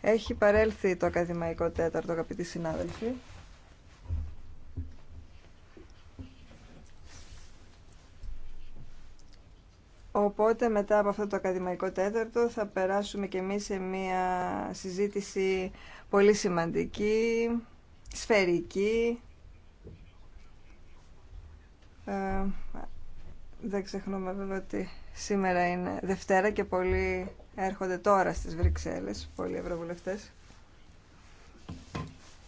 Έχει παρέλθει το ακαδημαϊκό τέταρτο, αγαπητοί συνάδελφοι. Οπότε μετά από αυτό το ακαδημαϊκό τέταρτο θα περάσουμε και εμείς σε μια συζήτηση πολύ σημαντική, σφαιρική. Ε, δεν ξεχνούμε βέβαια ότι σήμερα είναι Δευτέρα και πολύ έρχονται τώρα στις Βρυξέλλες, πολλοί ευρωβουλευτές.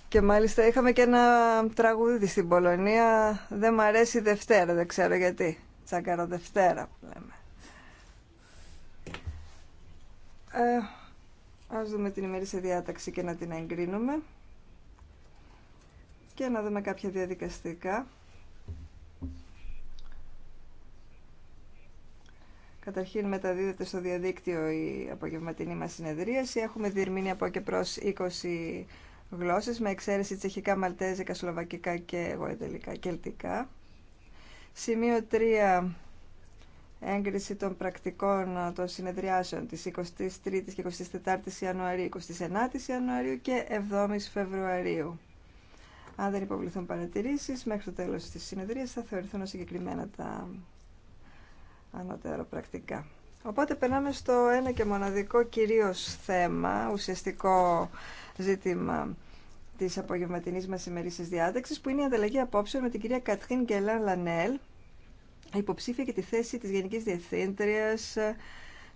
Και μάλιστα είχαμε και ένα τραγούδι στην Πολωνία, δεν μ' αρέσει η Δευτέρα, δεν ξέρω γιατί. Τσάκαρο Δευτέρα που λέμε. Ε, ας δούμε την ημερήσια διάταξη και να την εγκρίνουμε. Και να δούμε κάποια διαδικαστικά. Καταρχήν μεταδίδεται στο διαδίκτυο η απογευματινή μας συνεδρίαση. Έχουμε διερμήνει από και προς 20 γλώσσες, με εξαίρεση τσεχικά, μαλτέζικα, σλοβακικά και γοητελικά, κελτικά. Σημείο 3. Έγκριση των πρακτικών των συνεδριάσεων της 23ης και 24ης Ιανουαρίου, 29ης Ιανουαρίου και 7ης Φεβρουαρίου. Αν δεν υποβληθούν παρατηρήσεις, μέχρι το τέλος της συνεδρίας θα θεωρηθούν συγκεκριμένα τα Οπότε περνάμε στο ένα και μοναδικό κυρίως θέμα, ουσιαστικό ζήτημα της απογευματινής μας ημερήσης διάταξης, που είναι η ανταλλαγή απόψεων με την κυρία Κατρίν Γκελάν Λανέλ, υποψήφια και τη θέση της Γενικής Διευθύντριας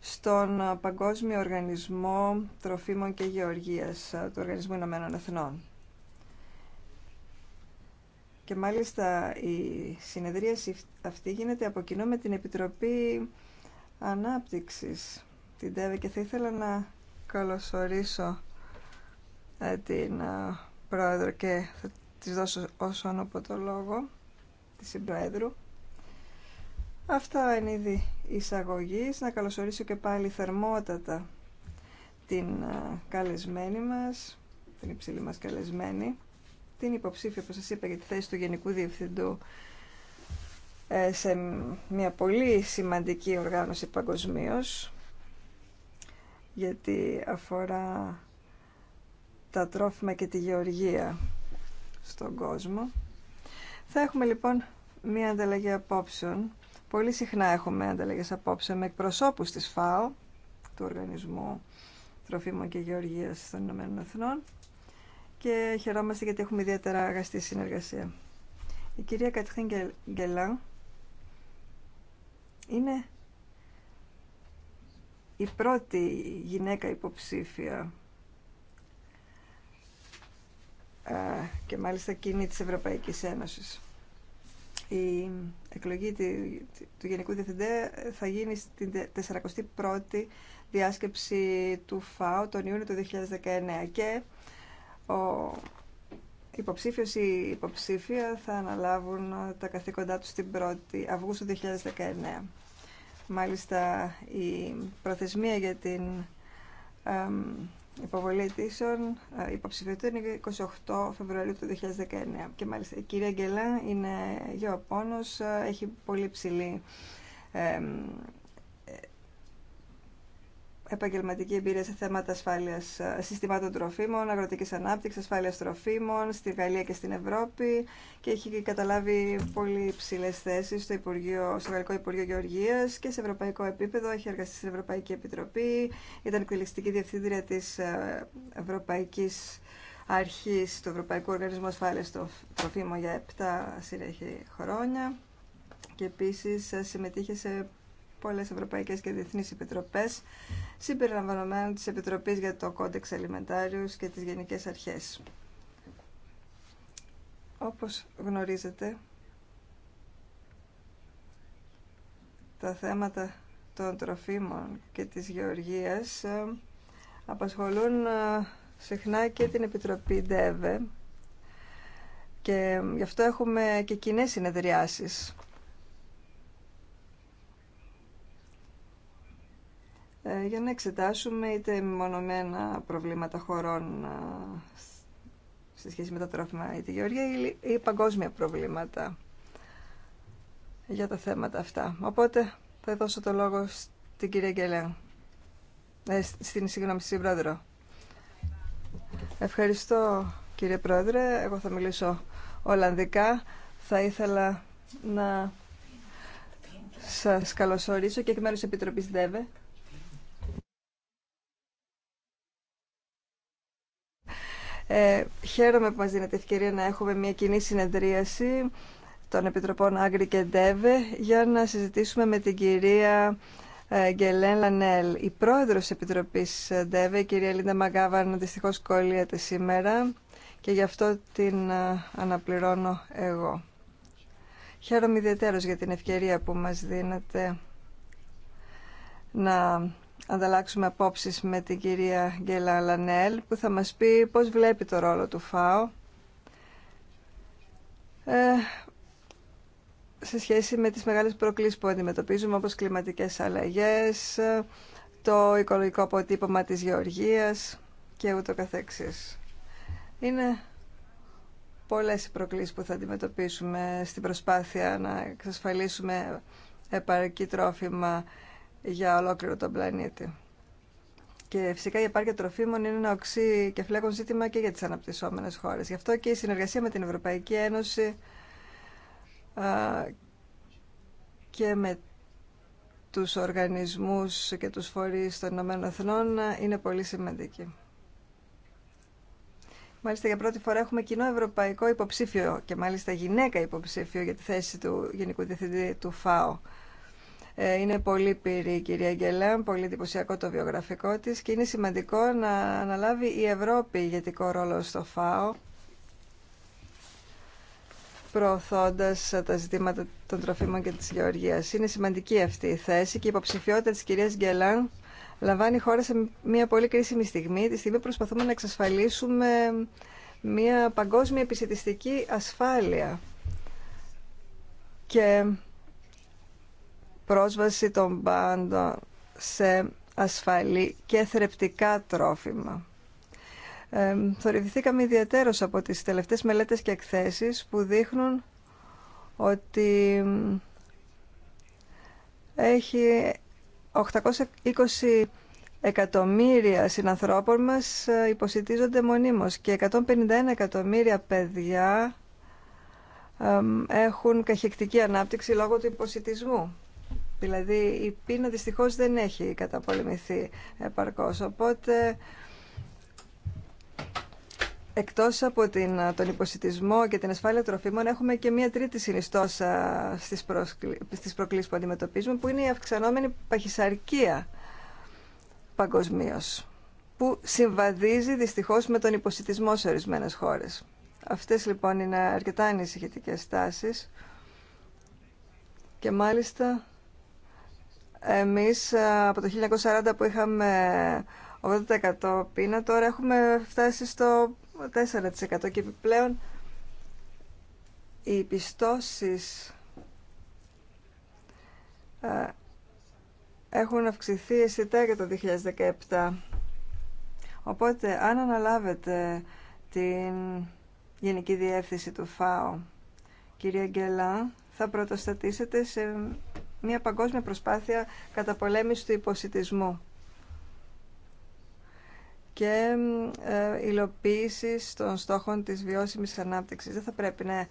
στον Παγκόσμιο Οργανισμό Τροφίμων και Γεωργίας του Οργανισμού Ηνωμένων και μάλιστα η συνεδρία αυτή γίνεται από κοινό με την Επιτροπή Ανάπτυξης, την ΤΕΒΕ, και θα ήθελα να καλωσορίσω ε, την ε, Πρόεδρο και θα της δώσω όσον από το λόγο της Συμπροέδρου. Αυτά είναι ήδη εισαγωγή. Να καλωσορίσω και πάλι θερμότατα την ε, καλεσμένη μας, την υψηλή μας καλεσμένη, την υποψήφια που σας είπα για τη θέση του Γενικού Διευθυντού ε, σε μια πολύ σημαντική οργάνωση παγκοσμίω γιατί αφορά τα τρόφιμα και τη γεωργία στον κόσμο. Θα έχουμε λοιπόν μια ανταλλαγή απόψεων. Πολύ συχνά έχουμε ανταλλαγές απόψεων με εκπροσώπους της ΦΑΟ, του Οργανισμού Τροφίμων και Γεωργίας των Ηνωμένων Εθνών, και χαιρόμαστε γιατί έχουμε ιδιαίτερα αγαστή συνεργασία. Η κυρία Κατρίν Γκελά είναι η πρώτη γυναίκα υποψήφια και μάλιστα κοινή της Ευρωπαϊκής Ένωσης. Η εκλογή του Γενικού Διευθυντέ θα γίνει στην 41η διάσκεψη του ΦΑΟ τον Ιούνιο του 2019 και ο υποψήφιος ή η υποψήφια θα αναλάβουν ε, τα καθήκοντά τους την 1η Αυγούστου 2019. Μάλιστα η προθεσμία για την υποβολή αιτήσεων ε, υποψηφιότητα είναι 28 Φεβρουαρίου του 2019. Και μάλιστα η κυρία Γκελά είναι γεωπόνος, ε, έχει πολύ ψηλή επαγγελματική εμπειρία σε θέματα ασφάλεια ε, συστημάτων τροφίμων, αγροτική ανάπτυξη, ασφάλεια τροφίμων στη Γαλλία και στην Ευρώπη και έχει καταλάβει πολύ ψηλέ θέσει στο, Υπουργείο, στο Γαλλικό Υπουργείο Γεωργίας και σε ευρωπαϊκό επίπεδο έχει εργαστεί στην Ευρωπαϊκή Επιτροπή, ήταν εκτελεστική διευθύντρια τη ε, Ευρωπαϊκή Αρχή, του Ευρωπαϊκού Οργανισμού Ασφάλειας Τροφίμων για 7 συνέχεια χρόνια και επίση ε, συμμετείχε σε πολλές ευρωπαϊκές και διεθνείς επιτροπές, συμπεριλαμβανομένων της Επιτροπής για το Κόντεξ Alimentarius και τις Γενικές Αρχές. Όπως γνωρίζετε, τα θέματα των τροφίμων και της γεωργίας ε, απασχολούν ε, συχνά και την Επιτροπή ΔΕΒΕ και ε, γι' αυτό έχουμε και κοινέ συνεδριάσεις Ε, για να εξετάσουμε είτε μονομένα προβλήματα χωρών ε, σε σχέση με τα τρόφιμα ή τη γεωργία ή παγκόσμια προβλήματα για τα θέματα αυτά. Οπότε θα δώσω το λόγο στην κυρία Γκελέν, ε, στην συγγνώμη, στην πρόεδρο. Ευχαριστώ κύριε πρόεδρε, εγώ θα μιλήσω Ολλανδικά. Θα ήθελα να σας καλωσορίσω και εκ μέρους της Επιτροπής ΔΕΒΕ Ε, χαίρομαι που μας δίνετε ευκαιρία να έχουμε μια κοινή συνεδρίαση των Επιτροπών Άγκρη και Ντέβε για να συζητήσουμε με την κυρία ε, Γκελέν Λανέλ. Η πρόεδρος της Επιτροπής ε, Ντέβε, η κυρία Λίντα Μαγκάβαν, δυστυχώς κολλείεται σήμερα και γι' αυτό την ε, αναπληρώνω εγώ. Χαίρομαι ιδιαίτερος για την ευκαιρία που μας δίνετε να ανταλλάξουμε απόψεις με την κυρία Γκέλα Λανέλ που θα μας πει πώς βλέπει το ρόλο του ΦΑΟ ε, σε σχέση με τις μεγάλες προκλήσεις που αντιμετωπίζουμε όπως κλιματικές αλλαγές, το οικολογικό αποτύπωμα της γεωργίας και ούτω καθεξής. Είναι πολλές οι προκλήσεις που θα αντιμετωπίσουμε στην προσπάθεια να εξασφαλίσουμε επαρκή τρόφιμα για ολόκληρο τον πλανήτη. Και φυσικά η επάρκεια τροφίμων είναι ένα οξύ και φλέγον ζήτημα και για τις αναπτυσσόμενες χώρες. Γι' αυτό και η συνεργασία με την Ευρωπαϊκή Ένωση και με τους οργανισμούς και τους φορείς των Ηνωμένων Εθνών είναι πολύ σημαντική. Μάλιστα για πρώτη φορά έχουμε κοινό ευρωπαϊκό υποψήφιο και μάλιστα γυναίκα υποψήφιο για τη θέση του Γενικού Διευθυντή του ΦΑΟ. Ε, είναι πολύ πυρή η κυρία Γκελάν, πολύ εντυπωσιακό το βιογραφικό της και είναι σημαντικό να αναλάβει η Ευρώπη ηγετικό ρόλο στο ΦΑΟ προωθώντας τα ζητήματα των τροφίμων και της γεωργίας. Είναι σημαντική αυτή η θέση και η υποψηφιότητα της κυρίας Γκελάν λαμβάνει η χώρα σε μια πολύ κρίσιμη στιγμή, τη στιγμή προσπαθούμε να εξασφαλίσουμε μια παγκόσμια επιστημιστική ασφάλεια. Και πρόσβαση των πάντων σε ασφαλή και θρεπτικά τρόφιμα. Ε, θορυβηθήκαμε ιδιαίτερως από τις τελευταίες μελέτες και εκθέσεις που δείχνουν ότι έχει 820 εκατομμύρια συνανθρώπων μας ε, υποσυτίζονται μονίμως και 151 εκατομμύρια παιδιά έχουν καχεκτική ανάπτυξη λόγω του υποσυντισμού. Δηλαδή η πείνα δυστυχώς δεν έχει καταπολεμηθεί επαρκώς. Οπότε εκτός από την, τον υποσυτισμό και την ασφάλεια τροφίμων έχουμε και μια τρίτη συνιστόσα στις, προσκλη, προκλήσεις που αντιμετωπίζουμε που είναι η αυξανόμενη παχυσαρκία παγκοσμίω που συμβαδίζει δυστυχώς με τον υποσυτισμό σε ορισμένες χώρες. Αυτές λοιπόν είναι αρκετά ανησυχητικέ τάσεις και μάλιστα εμείς ε, από το 1940 που είχαμε 80% πείνα, τώρα έχουμε φτάσει στο 4% και επιπλέον οι πιστώσεις ε, έχουν αυξηθεί αισθητά για το 2017. Οπότε, αν αναλάβετε την Γενική Διεύθυνση του ΦΑΟ, κυρία Γκέλα, θα πρωτοστατήσετε σε μια παγκόσμια προσπάθεια καταπολέμησης του υποσυτισμού και ε, υλοποίηση των στόχων της βιώσιμης ανάπτυξης. Δεν θα πρέπει να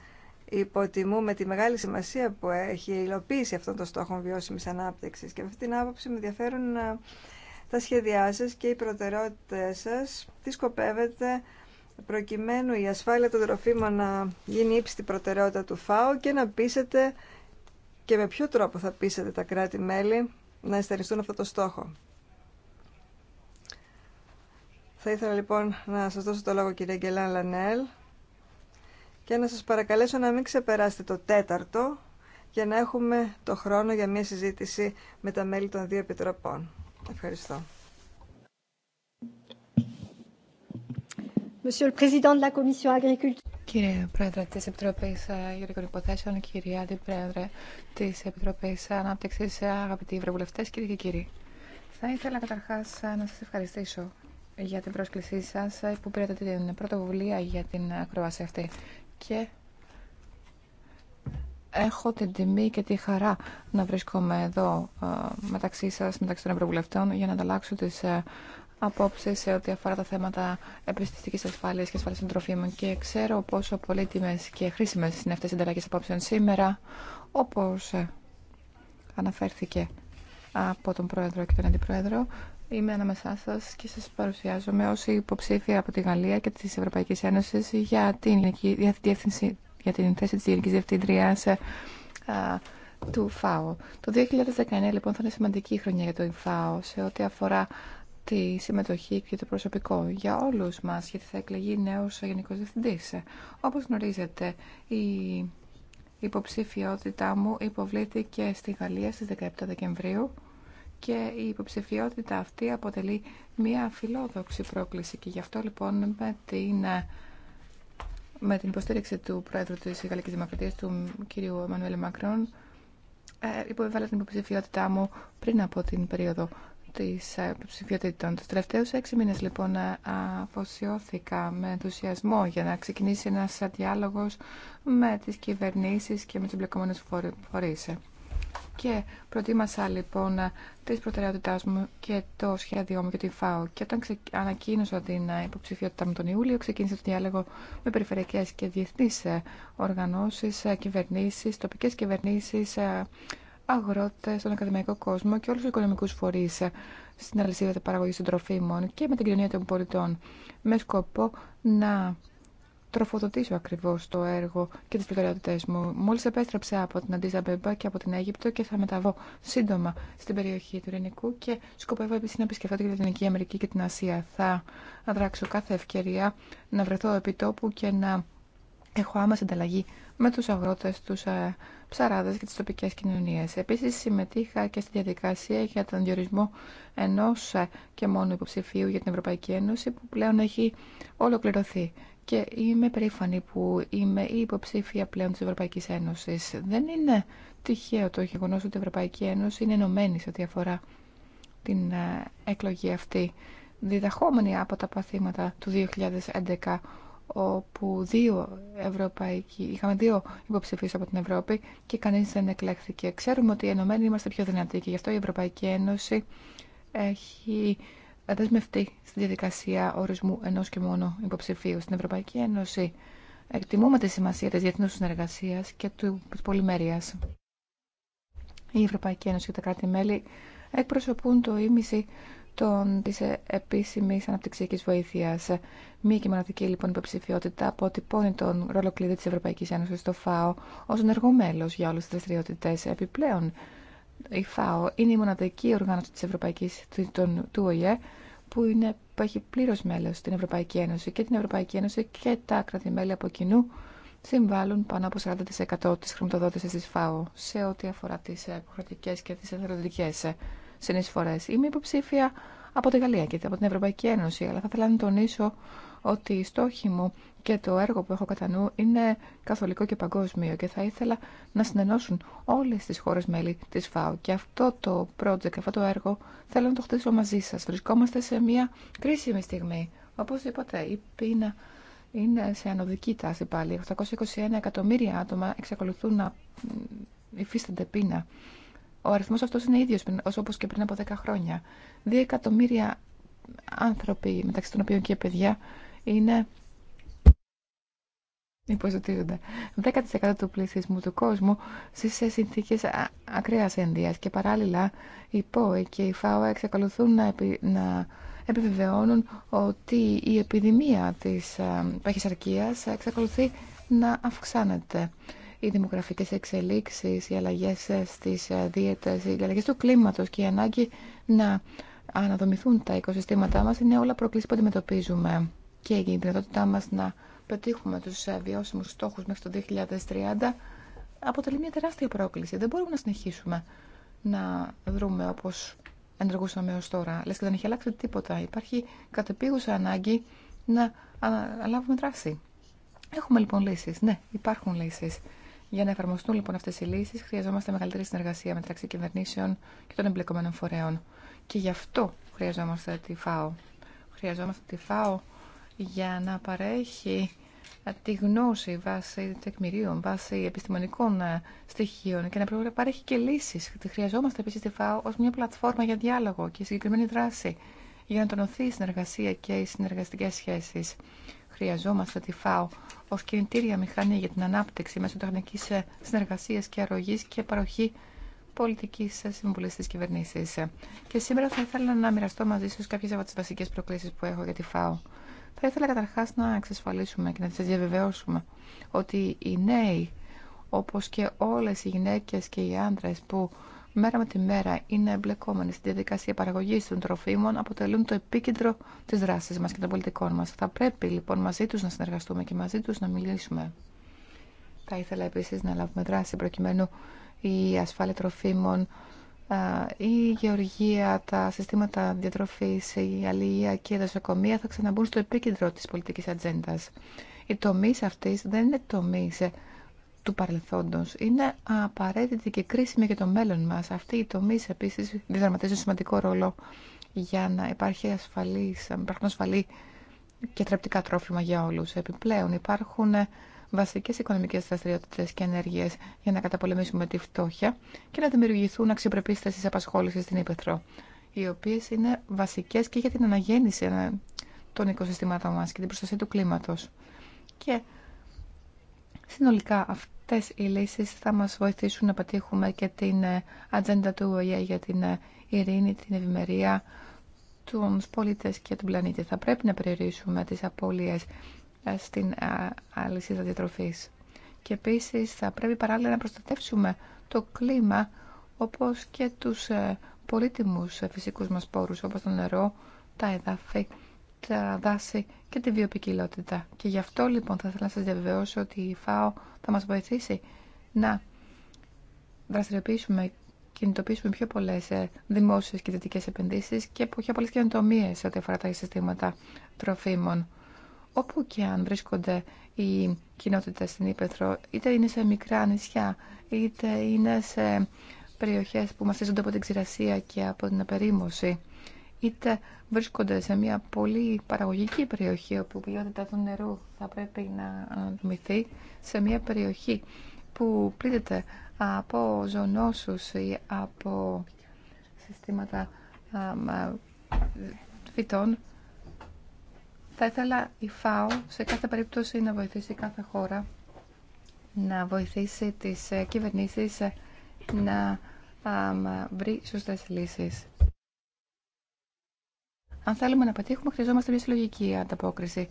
υποτιμούμε τη μεγάλη σημασία που έχει η υλοποίηση αυτών των στόχων βιώσιμης ανάπτυξης. Και με αυτή την άποψη με ενδιαφέρουν ε, τα σχέδιά σας και οι προτεραιότητες σας. Τι σκοπεύετε προκειμένου η ασφάλεια των τροφίμων να γίνει ύψη προτεραιότητα του ΦΑΟ και να πείσετε και με ποιο τρόπο θα πείσετε τα κράτη-μέλη να ειστεριστούν αυτό το στόχο. Θα ήθελα λοιπόν να σας δώσω το λόγο κυρία Γκελάν Λανέλ και να σας παρακαλέσω να μην ξεπεράσετε το τέταρτο για να έχουμε το χρόνο για μια συζήτηση με τα μέλη των δύο επιτροπών. Ευχαριστώ. Κύριε Πρόεδρε τη Επιτροπή Γεωργικών Υποθέσεων, κύριε Αντιπρόεδρε τη Επιτροπή Ανάπτυξη, αγαπητοί Ευρωβουλευτέ, κυρίε και κύριοι. Θα ήθελα καταρχά να σα ευχαριστήσω για την πρόσκλησή σα που πήρατε την πρωτοβουλία για την ακρόαση αυτή. Και έχω την τιμή και τη χαρά να βρίσκομαι εδώ ε, μεταξύ σα, μεταξύ των Ευρωβουλευτών, για να ανταλλάξω τι ε, απόψεις σε ό,τι αφορά τα θέματα επιστημικής ασφάλεια και ασφάλεια των τροφίμων και ξέρω πόσο πολύτιμέ και χρήσιμε είναι αυτές οι συνταλλαγέ απόψεων σήμερα, όπω ε, αναφέρθηκε από τον Πρόεδρο και τον Αντιπρόεδρο. Είμαι ανάμεσά σα και σα παρουσιάζομαι ω υποψήφια από τη Γαλλία και τη Ευρωπαϊκή Ένωση για την, διεύθυνση, για την θέση τη Γενική Διευθυντρία ε, του ΦΑΟ. Το 2019 λοιπόν θα είναι σημαντική χρονιά για το ΦΑΟ σε ό,τι αφορά τη συμμετοχή και το προσωπικό για όλους μας, γιατί θα εκλεγεί νέος γενικός διευθυντής. Όπως γνωρίζετε, η υποψηφιότητά μου υποβλήθηκε στη Γαλλία στις 17 Δεκεμβρίου και η υποψηφιότητα αυτή αποτελεί μια φιλόδοξη πρόκληση και γι' αυτό λοιπόν με την, με την υποστήριξη του Πρόεδρου της Γαλλικής Δημοκρατίας του κ. Εμμανουέλη Μακρόν ε, την υποψηφιότητά μου πριν από την περίοδο Τη ε, ψηφιότητων. Του τελευταίου έξι μήνε λοιπόν ε, αφοσιώθηκα με ενθουσιασμό για να ξεκινήσει ένα διάλογο με τι κυβερνήσει και με του εμπλεκόμενε φορεί. Ε. Και προτίμασα λοιπόν τι προτεραιότητά μου και το σχέδιό μου για την ΦΑΟ. Και όταν ξε... ανακοίνωσα την υποψηφιότητά μου τον Ιούλιο, ξεκίνησε το διάλογο με περιφερειακές και διεθνεί οργανώσει, κυβερνήσει, τοπικέ κυβερνήσει. Αγρότε στον ακαδημαϊκό κόσμο και όλου του οικονομικού φορεί στην αλυσίδα τη των τροφίμων και με την κοινωνία των πολιτών με σκοπό να τροφοδοτήσω ακριβώ το έργο και τι προτεραιότητέ μου. Μόλι επέστρεψα από την Αντίζα Μπέμπα και από την Αίγυπτο και θα μεταβώ σύντομα στην περιοχή του Ειρηνικού και σκοπεύω επίση να επισκεφτώ την Λατινική Αμερική και την Ασία. Θα δράξω κάθε ευκαιρία να βρεθώ επί τόπου και να έχω άμεση ανταλλαγή με τους αγρότες, τους ε, ψαράδες και τις τοπικές κοινωνίες. Επίσης συμμετείχα και στη διαδικασία για τον διορισμό ενός ε, και μόνο υποψηφίου για την Ευρωπαϊκή Ένωση που πλέον έχει ολοκληρωθεί. Και είμαι περήφανη που είμαι η υποψήφια πλέον της Ευρωπαϊκής Ένωσης. Δεν είναι τυχαίο το γεγονός ότι η Ευρωπαϊκή Ένωση είναι ενωμένη σε ό,τι αφορά την ε, εκλογή αυτή Διδαχόμενη από τα παθήματα του 2011 όπου δύο Ευρωπαϊκοί, είχαμε δύο υποψηφίου από την Ευρώπη και κανείς δεν εκλέχθηκε. Ξέρουμε ότι ενωμένοι είμαστε πιο δυνατοί και γι' αυτό η Ευρωπαϊκή Ένωση έχει δεσμευτεί στη διαδικασία ορισμού ενός και μόνο υποψηφίου. Στην Ευρωπαϊκή Ένωση εκτιμούμε τη σημασία τη διεθνού συνεργασία και τη πολυμέρεια. Η Ευρωπαϊκή Ένωση και τα κράτη-μέλη εκπροσωπούν το ίμιση των, της ε, επίσημης αναπτυξιακής βοήθειας. Μία και μοναδική λοιπόν υποψηφιότητα αποτυπώνει τον ρόλο κλειδί της Ευρωπαϊκής Ένωσης στο ΦΑΟ ως ενεργό μέλος για όλες τις δραστηριότητε. Επιπλέον, η ΦΑΟ είναι η μοναδική οργάνωση της Ευρωπαϊκής του, του ΟΗΕ που, είναι, που έχει πλήρως μέλος στην Ευρωπαϊκή Ένωση και την Ευρωπαϊκή Ένωση και τα κράτη-μέλη από κοινού συμβάλλουν πάνω από 40% της χρηματοδότησης της ΦΑΟ σε ό,τι αφορά τις ε, υποχρεωτικές και τις εθελοντικές Είμαι υποψήφια από τη Γαλλία και από την Ευρωπαϊκή Ένωση, αλλά θα ήθελα να τονίσω ότι οι στόχοι μου και το έργο που έχω κατά νου είναι καθολικό και παγκόσμιο και θα ήθελα να συνενώσουν όλες τις χώρες μέλη τη ΦΑΟ. Και αυτό το project, αυτό το έργο θέλω να το χτίσω μαζί σας. Βρισκόμαστε σε μια κρίσιμη στιγμή. είπατε, η πείνα είναι σε ανωδική τάση πάλι. 821 εκατομμύρια άτομα εξακολουθούν να υφίστανται πείνα. Ο αριθμός αυτός είναι ίδιος όπως και πριν από 10 χρόνια. 2 εκατομμύρια άνθρωποι, μεταξύ των οποίων και παιδιά, είναι υποζωτίζονται. 10% του πληθυσμού του κόσμου στις σε συνθήκες ακραίας και παράλληλα οι ΠΟΕ και η ΦΑΟ εξακολουθούν να, επι, να επιβεβαιώνουν ότι η επιδημία της παχυσαρκίας εξακολουθεί να αυξάνεται οι δημογραφικές εξελίξεις, οι αλλαγές στις δίαιτες, οι αλλαγές του κλίματος και η ανάγκη να αναδομηθούν τα οικοσυστήματά μας είναι όλα προκλήσεις που αντιμετωπίζουμε και η δυνατότητά μας να πετύχουμε τους βιώσιμους στόχους μέχρι το 2030 αποτελεί μια τεράστια πρόκληση. Δεν μπορούμε να συνεχίσουμε να δρούμε όπως ενεργούσαμε ως τώρα. Λες και δεν έχει αλλάξει τίποτα. Υπάρχει κατεπίγουσα ανάγκη να αναλάβουμε δράση. Έχουμε λοιπόν λύσεις. Ναι, υπάρχουν λύσεις. Για να εφαρμοστούν λοιπόν αυτέ οι λύσει, χρειαζόμαστε μεγαλύτερη συνεργασία μεταξύ κυβερνήσεων και των εμπλεκομένων φορέων. Και γι' αυτό χρειαζόμαστε τη ΦΑΟ. Χρειαζόμαστε τη ΦΑΟ για να παρέχει ε, τη γνώση βάσει τεκμηρίων, βάσει επιστημονικών ε, στοιχείων και να παρέχει και λύσει. Χρειαζόμαστε επίση τη ΦΑΟ ω μια πλατφόρμα για διάλογο και συγκεκριμένη δράση για να τονωθεί η συνεργασία και οι συνεργαστικέ σχέσει. Χρειαζόμαστε τη ΦΑΟ ως κινητήρια μηχανή για την ανάπτυξη μέσω τεχνικής ε, συνεργασίας και αρρωγής και παροχή πολιτικής ε, συμβουλή τη κυβερνήση. Και σήμερα θα ήθελα να μοιραστώ μαζί σα κάποιες από τις βασικές προκλήσεις που έχω για τη ΦΑΟ. Θα ήθελα καταρχά να εξασφαλίσουμε και να σας διαβεβαιώσουμε ότι οι νέοι, όπω και όλε οι γυναίκε και οι άντρε που μέρα με τη μέρα είναι εμπλεκόμενοι στη διαδικασία παραγωγή των τροφίμων αποτελούν το επίκεντρο τη δράση μα και των πολιτικών μα. Θα πρέπει λοιπόν μαζί του να συνεργαστούμε και μαζί του να μιλήσουμε. Θα ήθελα επίση να λάβουμε δράση προκειμένου η ασφάλεια τροφίμων, η γεωργία, τα συστήματα διατροφή, η αλληλεία και η δασοκομεία θα ξαναμπούν στο επίκεντρο τη πολιτική ατζέντα. Οι τομεί αυτή δεν είναι τομεί ε, του παρελθόντος. Είναι απαραίτητη και κρίσιμη για το μέλλον μας. Αυτή η τομή επίσης διδραματίζει σημαντικό ρόλο για να υπάρχει ασφαλής, υπάρχουν ασφαλή και τρεπτικά τρόφιμα για όλους. Επιπλέον υπάρχουν βασικές οικονομικές δραστηριότητες και ενέργειες για να καταπολεμήσουμε τη φτώχεια και να δημιουργηθούν αξιοπρεπείς θέσεις απασχόλησης στην Ήπεθρο, οι οποίες είναι βασικές και για την αναγέννηση των οικοσυστημάτων μας και την προστασία του κλίματος. Και συνολικά αυτές οι λύσεις θα μας βοηθήσουν να πετύχουμε και την ε, ατζέντα του ΟΗΕ για την ε, ειρήνη, την ευημερία, του πολίτες και του πλανήτη. Θα πρέπει να περιορίσουμε τις απώλειες ε, στην αλυσίδα διατροφής. Και επίσης θα πρέπει παράλληλα να προστατεύσουμε το κλίμα όπως και τους πολύτιμους φυσικούς μας πόρους όπως το νερό, τα εδάφη, τα δάση και τη βιοπικιλότητα. Και γι' αυτό λοιπόν θα ήθελα να σας διαβεβαιώσω ότι η ΦΑΟ θα μας βοηθήσει να δραστηριοποιήσουμε κινητοποιήσουμε πιο πολλέ ε, δημόσιε και δυτικέ επενδύσει και πιο πολλέ καινοτομίε σε ό,τι αφορά τα συστήματα τροφίμων. Όπου και αν βρίσκονται οι κοινότητε στην Ήπεθρο, είτε είναι σε μικρά νησιά, είτε είναι σε περιοχέ που μαστίζονται από την ξηρασία και από την απερίμωση είτε βρίσκονται σε μια πολύ παραγωγική περιοχή όπου η ποιότητα του νερού θα πρέπει να αναδομηθεί σε μια περιοχή που πλήττεται από ζωνόσους ή από συστήματα φυτών θα ήθελα η ΦΑΟ σε κάθε περίπτωση να βοηθήσει κάθε χώρα να βοηθήσει τις ε, κυβερνήσεις ε, να βρει σωστές λύσεις. Αν θέλουμε να πετύχουμε, χρειαζόμαστε μια συλλογική ανταπόκριση.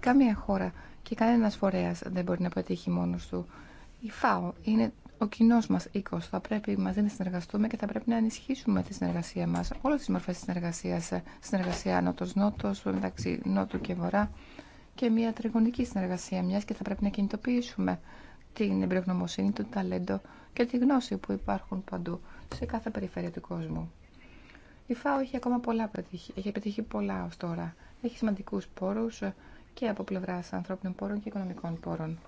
Καμία χώρα και κανένα φορέα δεν μπορεί να πετύχει μόνο του. Η ΦΑΟ είναι ο κοινό μα οίκο. Θα πρέπει μαζί να συνεργαστούμε και θα πρέπει να ενισχύσουμε τη συνεργασία μα. Όλε τι μορφέ συνεργασία. Συνεργασία νότο-νότο, μεταξύ νότου και βορρά. Και μια τριγωνική συνεργασία, μια και θα πρέπει να κινητοποιήσουμε την εμπειρογνωμοσύνη, το ταλέντο και τη γνώση που υπάρχουν παντού σε κάθε περιφέρεια του κόσμου. Η ΦΑΟ έχει ακόμα πολλά πετύχει, έχει πετύχει πολλά ως τώρα. Έχει σημαντικούς πόρους και από πλευρά ανθρώπινων πόρων και οικονομικών πόρων.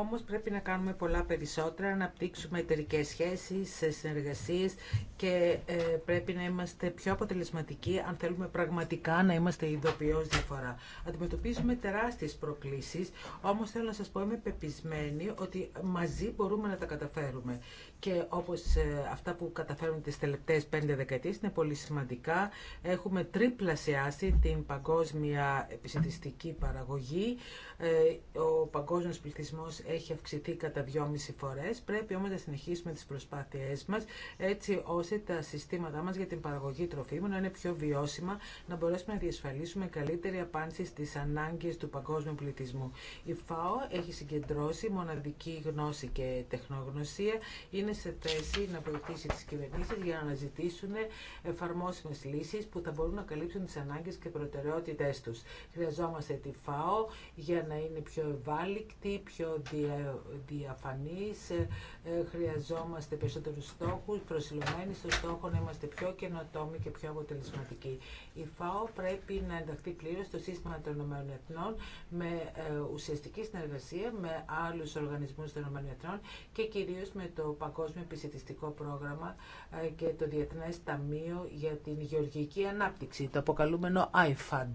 Όμως πρέπει να κάνουμε πολλά περισσότερα, να απτύξουμε εταιρικέ σχέσεις, συνεργασίες και ε, πρέπει να είμαστε πιο αποτελεσματικοί αν θέλουμε πραγματικά να είμαστε ειδοποιώς διαφορά. Αντιμετωπίζουμε τεράστιες προκλήσεις, όμως θέλω να σας πω είμαι πεπισμένη ότι μαζί μπορούμε να τα καταφέρουμε. Και όπως ε, αυτά που καταφέρουμε τις τελευταίες πέντε δεκαετίες είναι πολύ σημαντικά. Έχουμε τριπλασιάσει την παγκόσμια επιστημιστική παραγωγή. Ε, ο Παγκόσμιο πληθυσμό έχει αυξηθεί κατά 2,5 φορέ. Πρέπει όμω να συνεχίσουμε τι προσπάθειε μα, έτσι ώστε τα συστήματά μα για την παραγωγή τροφίμων να είναι πιο βιώσιμα, να μπορέσουμε να διασφαλίσουμε καλύτερη απάντηση στι ανάγκε του παγκόσμιου πληθυσμού. Η ΦΑΟ έχει συγκεντρώσει μοναδική γνώση και τεχνογνωσία, είναι σε θέση να βοηθήσει τι κυβερνήσει για να αναζητήσουν εφαρμόσιμε λύσει που θα μπορούν να καλύψουν τι ανάγκε και προτεραιότητέ του. Χρειαζόμαστε τη ΦΑΟ για να είναι πιο ευάλικτη, πιο διαφανής. Ε, ε, χρειαζόμαστε περισσότερους στόχους, προσιλωμένοι στο στόχο να είμαστε πιο καινοτόμοι και πιο αποτελεσματικοί. Η ΦΑΟ πρέπει να ενταχθεί πλήρως στο σύστημα των ΗΕ με ε, ουσιαστική συνεργασία με άλλους οργανισμούς των ΗΕ και κυρίως με το Παγκόσμιο Επισητιστικό Πρόγραμμα και το Διεθνές Ταμείο για την Γεωργική Ανάπτυξη, το αποκαλούμενο IFAD.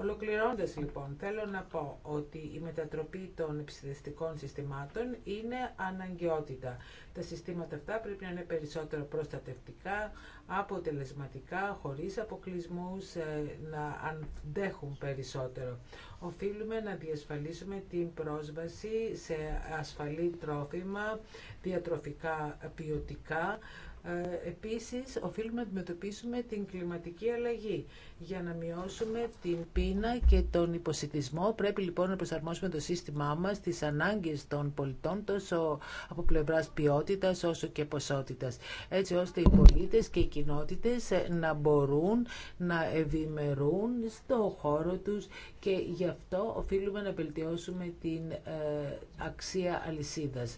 Ολοκληρώνοντας λοιπόν, θέλω να πω ότι η μετατροπή των επιστημιστικών συστημάτων είναι αναγκαιότητα. Τα συστήματα αυτά πρέπει να είναι περισσότερο προστατευτικά, αποτελεσματικά, χωρίς αποκλεισμούς, ε, να αντέχουν περισσότερο. Οφείλουμε να διασφαλίσουμε την πρόσβαση σε ασφαλή τρόφιμα, διατροφικά ποιοτικά, ε, επίσης, οφείλουμε να αντιμετωπίσουμε την κλιματική αλλαγή. Για να μειώσουμε την πείνα και τον υποσυτισμό, πρέπει λοιπόν να προσαρμόσουμε το σύστημά μας στις ανάγκες των πολιτών, τόσο από πλευράς ποιότητας όσο και ποσότητας. Έτσι ώστε οι πολίτες και οι κοινότητες ε, να μπορούν να ευημερούν στο χώρο τους και γι' αυτό οφείλουμε να βελτιώσουμε την ε, αξία αλυσίδας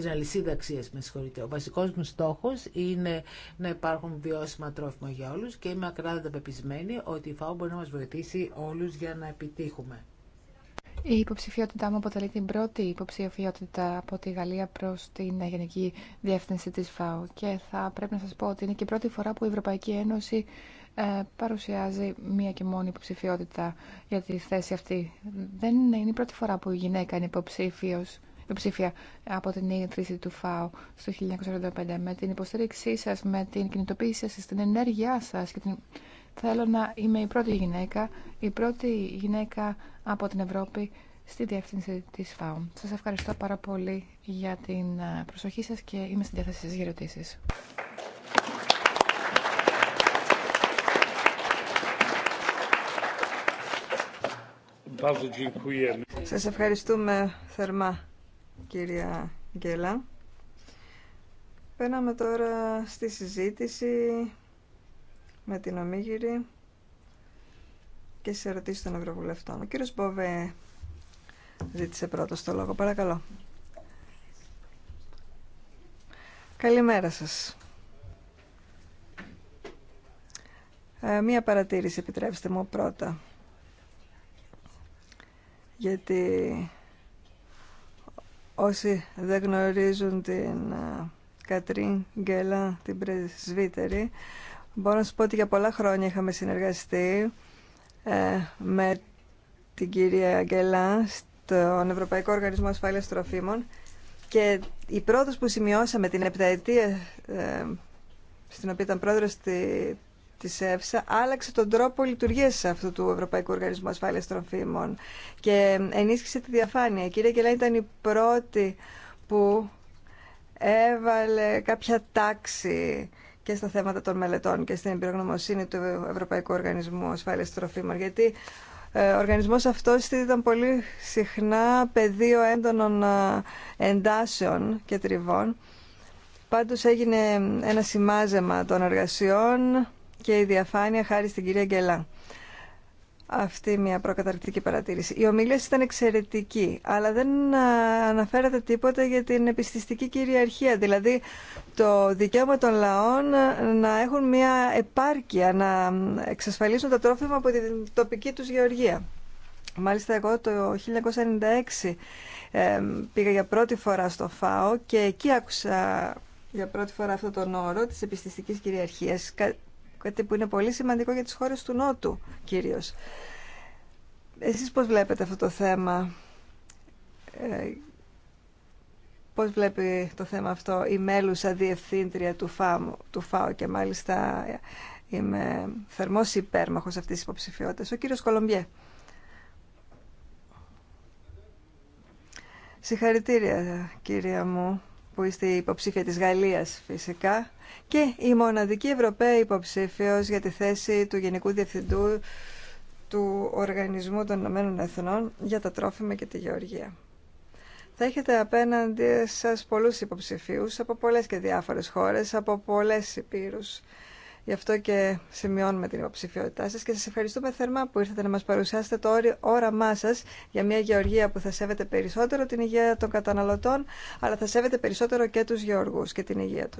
την αλυσίδα αξία. με συγχωρείτε. Ο βασικός μου στόχος είναι να υπάρχουν βιώσιμα τρόφιμα για όλους και είμαι ακράδαντα πεπισμένη ότι η ΦΑΟ μπορεί να μας βοηθήσει όλους για να επιτύχουμε. Η υποψηφιότητά μου αποτελεί την πρώτη υποψηφιότητα από τη Γαλλία προ την Γενική Διεύθυνση τη ΦΑΟ. Και θα πρέπει να σα πω ότι είναι και η πρώτη φορά που η Ευρωπαϊκή Ένωση ε, παρουσιάζει μία και μόνη υποψηφιότητα για τη θέση αυτή. Δεν είναι η πρώτη φορά που η γυναίκα είναι υποψήφιο με από την ίδρυση του ΦΑΟ στο 1945. Με την υποστήριξή σας, με την κινητοποίησή σας, την ενέργειά σας και την... Θέλω να είμαι η πρώτη γυναίκα, η πρώτη γυναίκα από την Ευρώπη στη διεύθυνση της ΦΑΟ. Σας ευχαριστώ πάρα πολύ για την ε, προσοχή σας και είμαι στη διάθεσή σας για ερωτήσεις. Σας ευχαριστούμε θερμά κυρία Γκέλα. Παίρναμε τώρα στη συζήτηση με την Ομίγυρη και σε ερωτήσει των Ευρωβουλευτών. Ο κύριος Μποβέ ζήτησε πρώτος το λόγο. Παρακαλώ. Καλημέρα σας. Ε, μία παρατήρηση επιτρέψτε μου πρώτα. Γιατί Όσοι δεν γνωρίζουν την ε, Κατρίν Γκέλα, την πρεσβύτερη, μπορώ να σου πω ότι για πολλά χρόνια είχαμε συνεργαστεί ε, με την κυρία Γκέλα στον Ευρωπαϊκό Οργανισμό Ασφάλειας Τροφίμων και η πρόοδος που σημειώσαμε την επταετία ε, στην οποία ήταν πρόεδρος τη ΕΦΣΑ άλλαξε τον τρόπο λειτουργία αυτού του Ευρωπαϊκού Οργανισμού Ασφάλεια Τροφίμων και ενίσχυσε τη διαφάνεια. Η κυρία Κελά ήταν η πρώτη που έβαλε κάποια τάξη και στα θέματα των μελετών και στην εμπειρογνωμοσύνη του Ευρωπαϊκού Οργανισμού Ασφάλεια Τροφίμων. Γιατί ε, ο οργανισμό αυτό ήταν πολύ συχνά πεδίο έντονων ε, εντάσεων και τριβών. Πάντως έγινε ένα σημάζεμα των εργασιών και η διαφάνεια χάρη στην κυρία Γκελά. Αυτή μια προκαταρκτική παρατήρηση. Η ομιλία ήταν εξαιρετική, αλλά δεν ε, αναφέρατε τίποτα για την επιστηστική κυριαρχία, δηλαδή το δικαίωμα των λαών ε, να έχουν μια επάρκεια, να εξασφαλίσουν τα τρόφιμα από την τοπική τους γεωργία. Μάλιστα εγώ το 1996 πήγα για πρώτη φορά στο ΦΑΟ και εκεί άκουσα για πρώτη φορά αυτό τον όρο της επιστηστικής κυριαρχίας, κάτι που είναι πολύ σημαντικό για τις χώρες του Νότου κυρίως. Εσείς πώς βλέπετε αυτό το θέμα, ε, πώς βλέπει το θέμα αυτό η μέλουσα διευθύντρια του, ΦΑΟ, του ΦΑΟ και μάλιστα είμαι θερμός υπέρμαχος αυτής της υποψηφιότητας, ο κύριος Κολομπιέ. Συγχαρητήρια, κυρία μου που είστε υποψήφια της Γαλλίας φυσικά και η μοναδική Ευρωπαία υποψήφιος για τη θέση του Γενικού Διευθυντού του Οργανισμού των Ηνωμένων Εθνών για τα τρόφιμα και τη γεωργία. Θα έχετε απέναντι σας πολλούς υποψηφίους από πολλές και διάφορες χώρες, από πολλές υπήρους Γι' αυτό και σημειώνουμε την υποψηφιότητά σα και σα ευχαριστούμε θερμά που ήρθατε να μα παρουσιάσετε το όραμά σα για μια γεωργία που θα σέβεται περισσότερο την υγεία των καταναλωτών, αλλά θα σέβεται περισσότερο και του γεωργού και την υγεία του.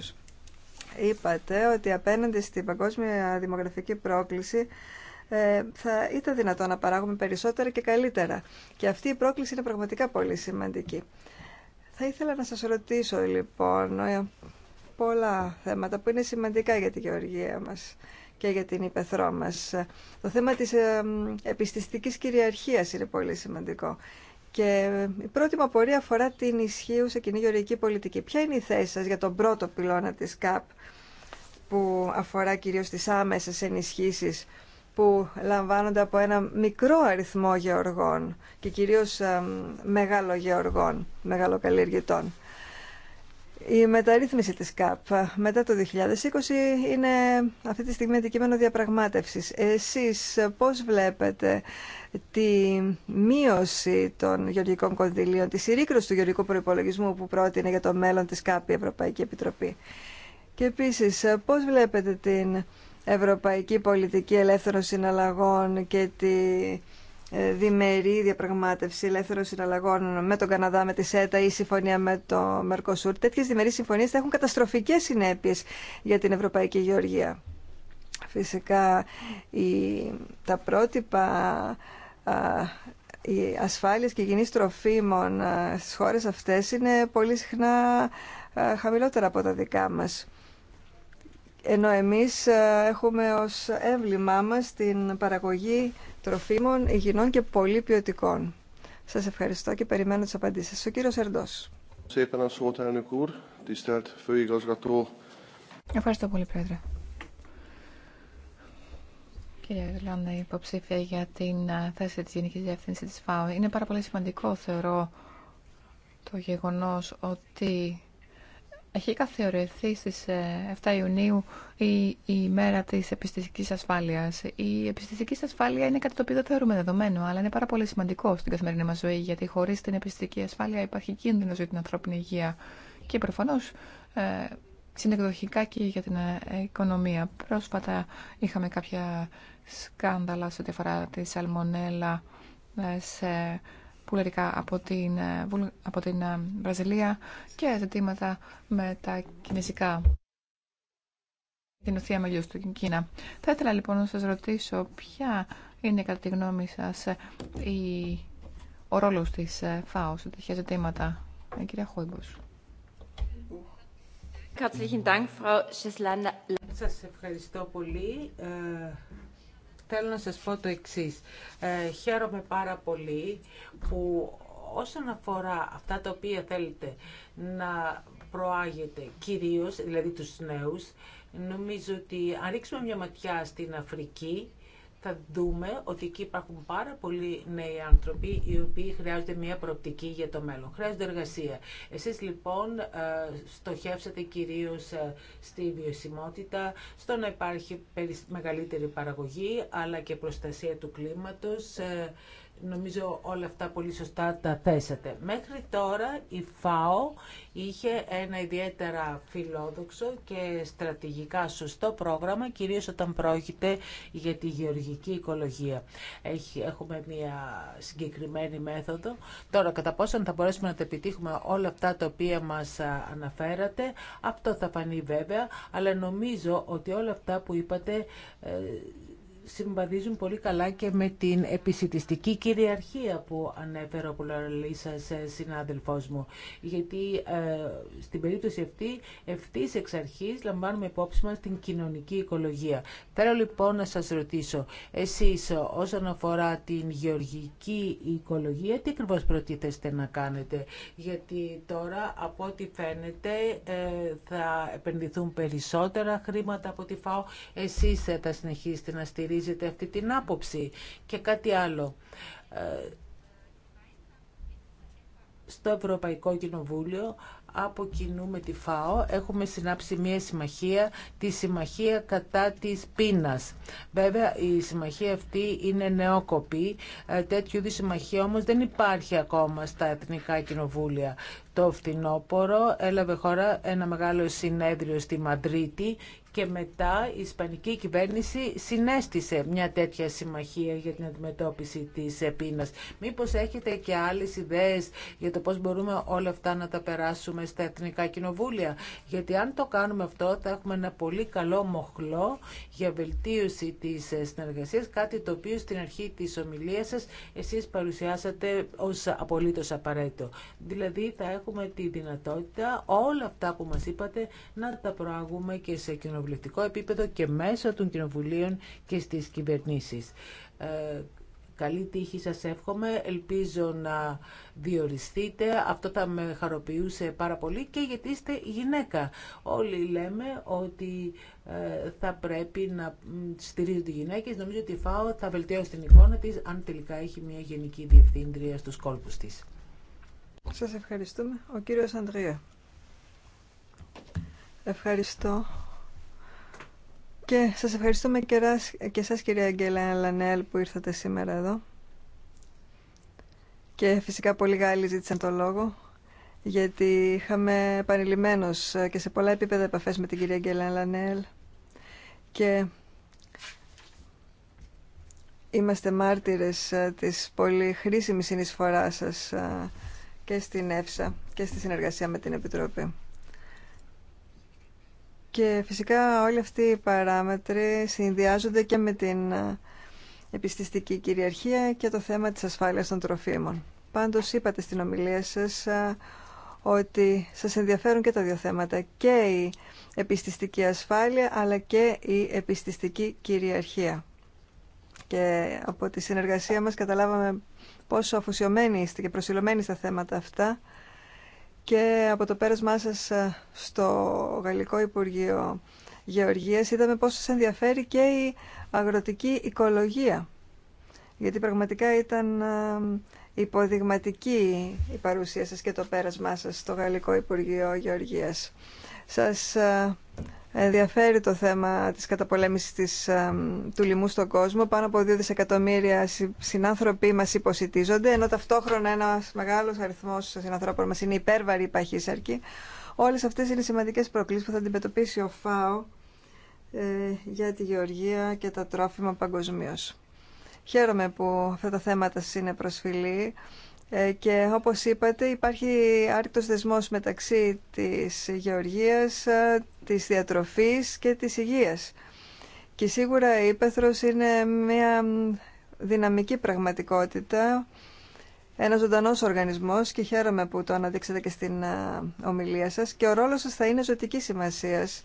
Είπατε ότι απέναντι στην παγκόσμια δημογραφική πρόκληση ε, θα ήταν δυνατόν να παράγουμε περισσότερα και καλύτερα. Και αυτή η πρόκληση είναι πραγματικά πολύ σημαντική. Θα ήθελα να σας ρωτήσω λοιπόν ε, πολλά θέματα που είναι σημαντικά για τη γεωργία μας και για την υπεθρό μας. Το θέμα της ε, επιστηστικής κυριαρχίας είναι πολύ σημαντικό. Και ε, η πρώτη μου απορία αφορά την ισχύουσα κοινή γεωργική πολιτική. Ποια είναι η θέση σας για τον πρώτο πυλώνα της ΚΑΠ που αφορά κυρίως τις άμεσες ενισχύσεις που λαμβάνονται από ένα μικρό αριθμό γεωργών και κυρίως ε, μεγάλο γεωργών, μεγαλοκαλλιεργητών. Η μεταρρύθμιση της ΚΑΠ μετά το 2020 είναι αυτή τη στιγμή αντικείμενο διαπραγμάτευσης. Εσείς πώς βλέπετε τη μείωση των γεωργικών κονδυλίων, τη συρρήκρωση του γεωργικού προϋπολογισμού που πρότεινε για το μέλλον της ΚΑΠ η Ευρωπαϊκή Επιτροπή. Και επίσης πώς βλέπετε την Ευρωπαϊκή Πολιτική Ελεύθερων Συναλλαγών και τη ε, διμερή διαπραγμάτευση ελεύθερων συναλλαγών με τον Καναδά, με τη ΣΕΤΑ ή συμφωνία με το Μερκοσούρ, τέτοιες διμερείς συμφωνίες θα έχουν καταστροφικές συνέπειες για την Ευρωπαϊκή Γεωργία. Φυσικά η, τα πρότυπα α, οι ασφάλειες και υγιεινή τροφίμων στι στις χώρες αυτές είναι πολύ συχνά χαμηλότερα από τα δικά μας. Ενώ εμείς έχουμε ως έμβλημά μας την παραγωγή τροφίμων, υγιεινών και πολύ ποιοτικών. Σα ευχαριστώ και περιμένω τις απαντήσεις. Ο κύριο Ερντό. Ευχαριστώ πολύ, Πρόεδρε. Κυρία Ιρλάνδα, υποψήφια για την ε, θέση τη γενική Διεύθυνση τη ΦΑΟ. Είναι πάρα πολύ σημαντικό, θεωρώ, το γεγονό ότι έχει καθεωρηθεί στις 7 ε, Ιουνίου η, η ημέρα της επιστησικής ασφάλειας. Η επιστημική ασφάλεια είναι κάτι το οποίο δεν θεωρούμε δεδομένο, αλλά είναι πάρα πολύ σημαντικό στην καθημερινή μας ζωή, γιατί χωρίς την επιστημική ασφάλεια υπάρχει κίνδυνος για την ανθρώπινη υγεία και προφανώς ε, συνεκδοχικά και για την ε, οικονομία. Πρόσφατα είχαμε κάποια σκάνδαλα σε ό,τι αφορά τη σαλμονέλα ε, σε πουλερικά από την, ε, από την ε, Βραζιλία και ζητήματα με τα κινέζικα την ουσία μελιούς του Κίνα. Θα ήθελα λοιπόν να σας ρωτήσω ποια είναι κατά τη γνώμη σας ε, η... ο ρόλος της ΦΑΟ σε τέτοια ζητήματα. Ε, κυρία Χόιμπος. Σας ευχαριστώ πολύ θέλω να σας πω το εξής. Ε, χαίρομαι πάρα πολύ που όσον αφορά αυτά τα οποία θέλετε να προάγετε, κυρίως, δηλαδή τους νέους, νομίζω ότι αν ρίξουμε μια ματιά στην Αφρική, θα δούμε ότι εκεί υπάρχουν πάρα πολλοί νέοι άνθρωποι οι οποίοι χρειάζονται μια προοπτική για το μέλλον. Χρειάζονται εργασία. Εσείς λοιπόν ε, στοχεύσατε κυρίως ε, στη βιωσιμότητα, στο να υπάρχει μεγαλύτερη παραγωγή αλλά και προστασία του κλίματος ε, Νομίζω όλα αυτά πολύ σωστά τα θέσατε. Μέχρι τώρα η ΦΑΟ είχε ένα ιδιαίτερα φιλόδοξο και στρατηγικά σωστό πρόγραμμα, κυρίως όταν πρόκειται για τη γεωργική οικολογία. Έχει, έχουμε μια συγκεκριμένη μέθοδο. Τώρα, κατά πόσο θα μπορέσουμε να τα επιτύχουμε όλα αυτά τα οποία μας αναφέρατε, αυτό θα φανεί βέβαια, αλλά νομίζω ότι όλα αυτά που είπατε ε, συμβαδίζουν πολύ καλά και με την επισητιστική κυριαρχία που ανέφερε ο σε συνάδελφός μου. Γιατί ε, στην περίπτωση αυτή, ευθύ εξ αρχή λαμβάνουμε υπόψη μας την κοινωνική οικολογία. Θέλω λοιπόν να σας ρωτήσω, εσείς ε, όσον αφορά την γεωργική οικολογία, τι ακριβώ προτίθεστε να κάνετε. Γιατί τώρα από ό,τι φαίνεται ε, θα επενδυθούν περισσότερα χρήματα από τη ΦΑΟ. Εσείς ε, θα συνεχίσετε να στείλετε υποστηρίζετε αυτή την άποψη. Και κάτι άλλο. Ε, στο Ευρωπαϊκό Κοινοβούλιο από κοινού τη ΦΑΟ έχουμε συνάψει μια συμμαχία, τη συμμαχία κατά της πείνας. Βέβαια η συμμαχία αυτή είναι νεόκοπη, ε, τέτοιου είδους συμμαχία όμως δεν υπάρχει ακόμα στα εθνικά κοινοβούλια. Το φθινόπωρο έλαβε χώρα ένα μεγάλο συνέδριο στη Μαδρίτη και μετά η Ισπανική κυβέρνηση συνέστησε μια τέτοια συμμαχία για την αντιμετώπιση της πείνας. Μήπως έχετε και άλλες ιδέες για το πώς μπορούμε όλα αυτά να τα περάσουμε στα Εθνικά Κοινοβούλια. Γιατί αν το κάνουμε αυτό θα έχουμε ένα πολύ καλό μοχλό για βελτίωση της συνεργασίας, κάτι το οποίο στην αρχή της ομιλίας σας εσείς παρουσιάσατε ως απολύτως απαραίτητο. Δηλαδή θα έχουμε τη δυνατότητα όλα αυτά που μας είπατε να τα προάγουμε και σε κοινοβούλια κοινοβουλευτικό επίπεδο και μέσω των κοινοβουλίων και στις κυβερνήσεις. Ε, καλή τύχη σας εύχομαι, ελπίζω να διοριστείτε. Αυτό θα με χαροποιούσε πάρα πολύ και γιατί είστε γυναίκα. Όλοι λέμε ότι ε, θα πρέπει να στηρίζονται οι γυναίκες. Νομίζω ότι η ΦΑΟ θα βελτιώσει την εικόνα της αν τελικά έχει μια γενική διευθύντρια στους κόλπους της. Σας ευχαριστούμε. Ο κύριος Ανδρία. Ευχαριστώ. Και σας ευχαριστούμε και, ράς, κυρία Αγγέλα Λανέλ που ήρθατε σήμερα εδώ. Και φυσικά πολύ Γάλλοι ζήτησαν το λόγο, γιατί είχαμε επανειλημμένως ε, και σε πολλά επίπεδα επαφές με την κυρία Αγγέλα Λανέλ. Και είμαστε μάρτυρες ε, της πολύ χρήσιμης συνεισφοράς σας ε, και στην ΕΦΣΑ και στη συνεργασία με την Επιτροπή. Και φυσικά όλοι αυτοί οι παράμετροι συνδυάζονται και με την ε, επιστηστική κυριαρχία και το θέμα της ασφάλειας των τροφίμων. Πάντως είπατε στην ομιλία σας ε, ότι σας ενδιαφέρουν και τα δύο θέματα και η επιστηστική ασφάλεια αλλά και η επιστηστική κυριαρχία. Και από τη συνεργασία μας καταλάβαμε πόσο αφοσιωμένοι είστε και προσιλωμένοι στα θέματα αυτά και από το πέρασμά σας ε, στο Γαλλικό Υπουργείο Γεωργίας είδαμε πόσο σας ενδιαφέρει και η αγροτική οικολογία. Γιατί πραγματικά ήταν ε, υποδειγματική η παρουσία σας και το πέρασμά σας στο Γαλλικό Υπουργείο Γεωργίας. Σας ε, ενδιαφέρει το θέμα της καταπολέμησης της, ε, του λοιμού στον κόσμο. Πάνω από 2 δισεκατομμύρια συνάνθρωποι μας υποσυτίζονται, ενώ ταυτόχρονα ένας μεγάλος αριθμός συνανθρώπων μας είναι υπέρβαροι ή παχύσαρκοι. Όλες αυτές είναι σημαντικές προκλήσεις που θα αντιμετωπίσει ο ΦΑΟ ε, για τη γεωργία και τα τρόφιμα παγκοσμίω. Χαίρομαι που αυτά τα θέματα είναι προσφυλή ε, και όπως είπατε υπάρχει άρρητος δεσμός μεταξύ της γεωργίας, ε, της διατροφής και της υγείας. Και σίγουρα η ύπεθρος είναι μια δυναμική πραγματικότητα, ένα ζωντανό οργανισμός και χαίρομαι που το αναδείξατε και στην ε, ομιλία σας και ο ρόλος σας θα είναι ζωτική σημασίας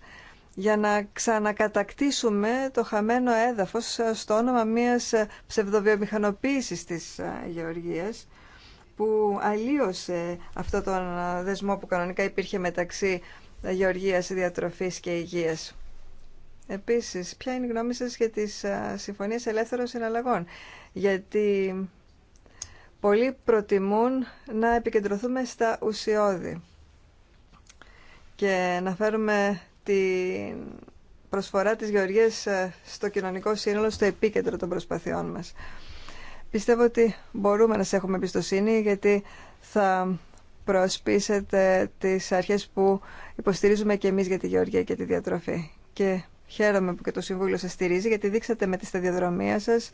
για να ξανακατακτήσουμε το χαμένο έδαφος στο όνομα μιας ψευδοβιομηχανοποίησης της γεωργίας που αλλίωσε αυτό τον ε, δεσμό που κανονικά υπήρχε μεταξύ ε, γεωργίας, διατροφής και υγείας. Επίσης, ποια είναι η γνώμη σας για τις ε, συμφωνίες ελεύθερων συναλλαγών. Γιατί πολλοί προτιμούν να επικεντρωθούμε στα ουσιώδη και να φέρουμε την προσφορά της γεωργίας στο κοινωνικό σύνολο, στο επίκεντρο των προσπαθειών μας. Πιστεύω ότι μπορούμε να σε έχουμε εμπιστοσύνη γιατί θα προσπίσετε τις αρχές που υποστηρίζουμε και εμείς για τη γεωργία και τη διατροφή. Και χαίρομαι που και το Συμβούλιο σας στηρίζει γιατί δείξατε με τη σταδιοδρομία σας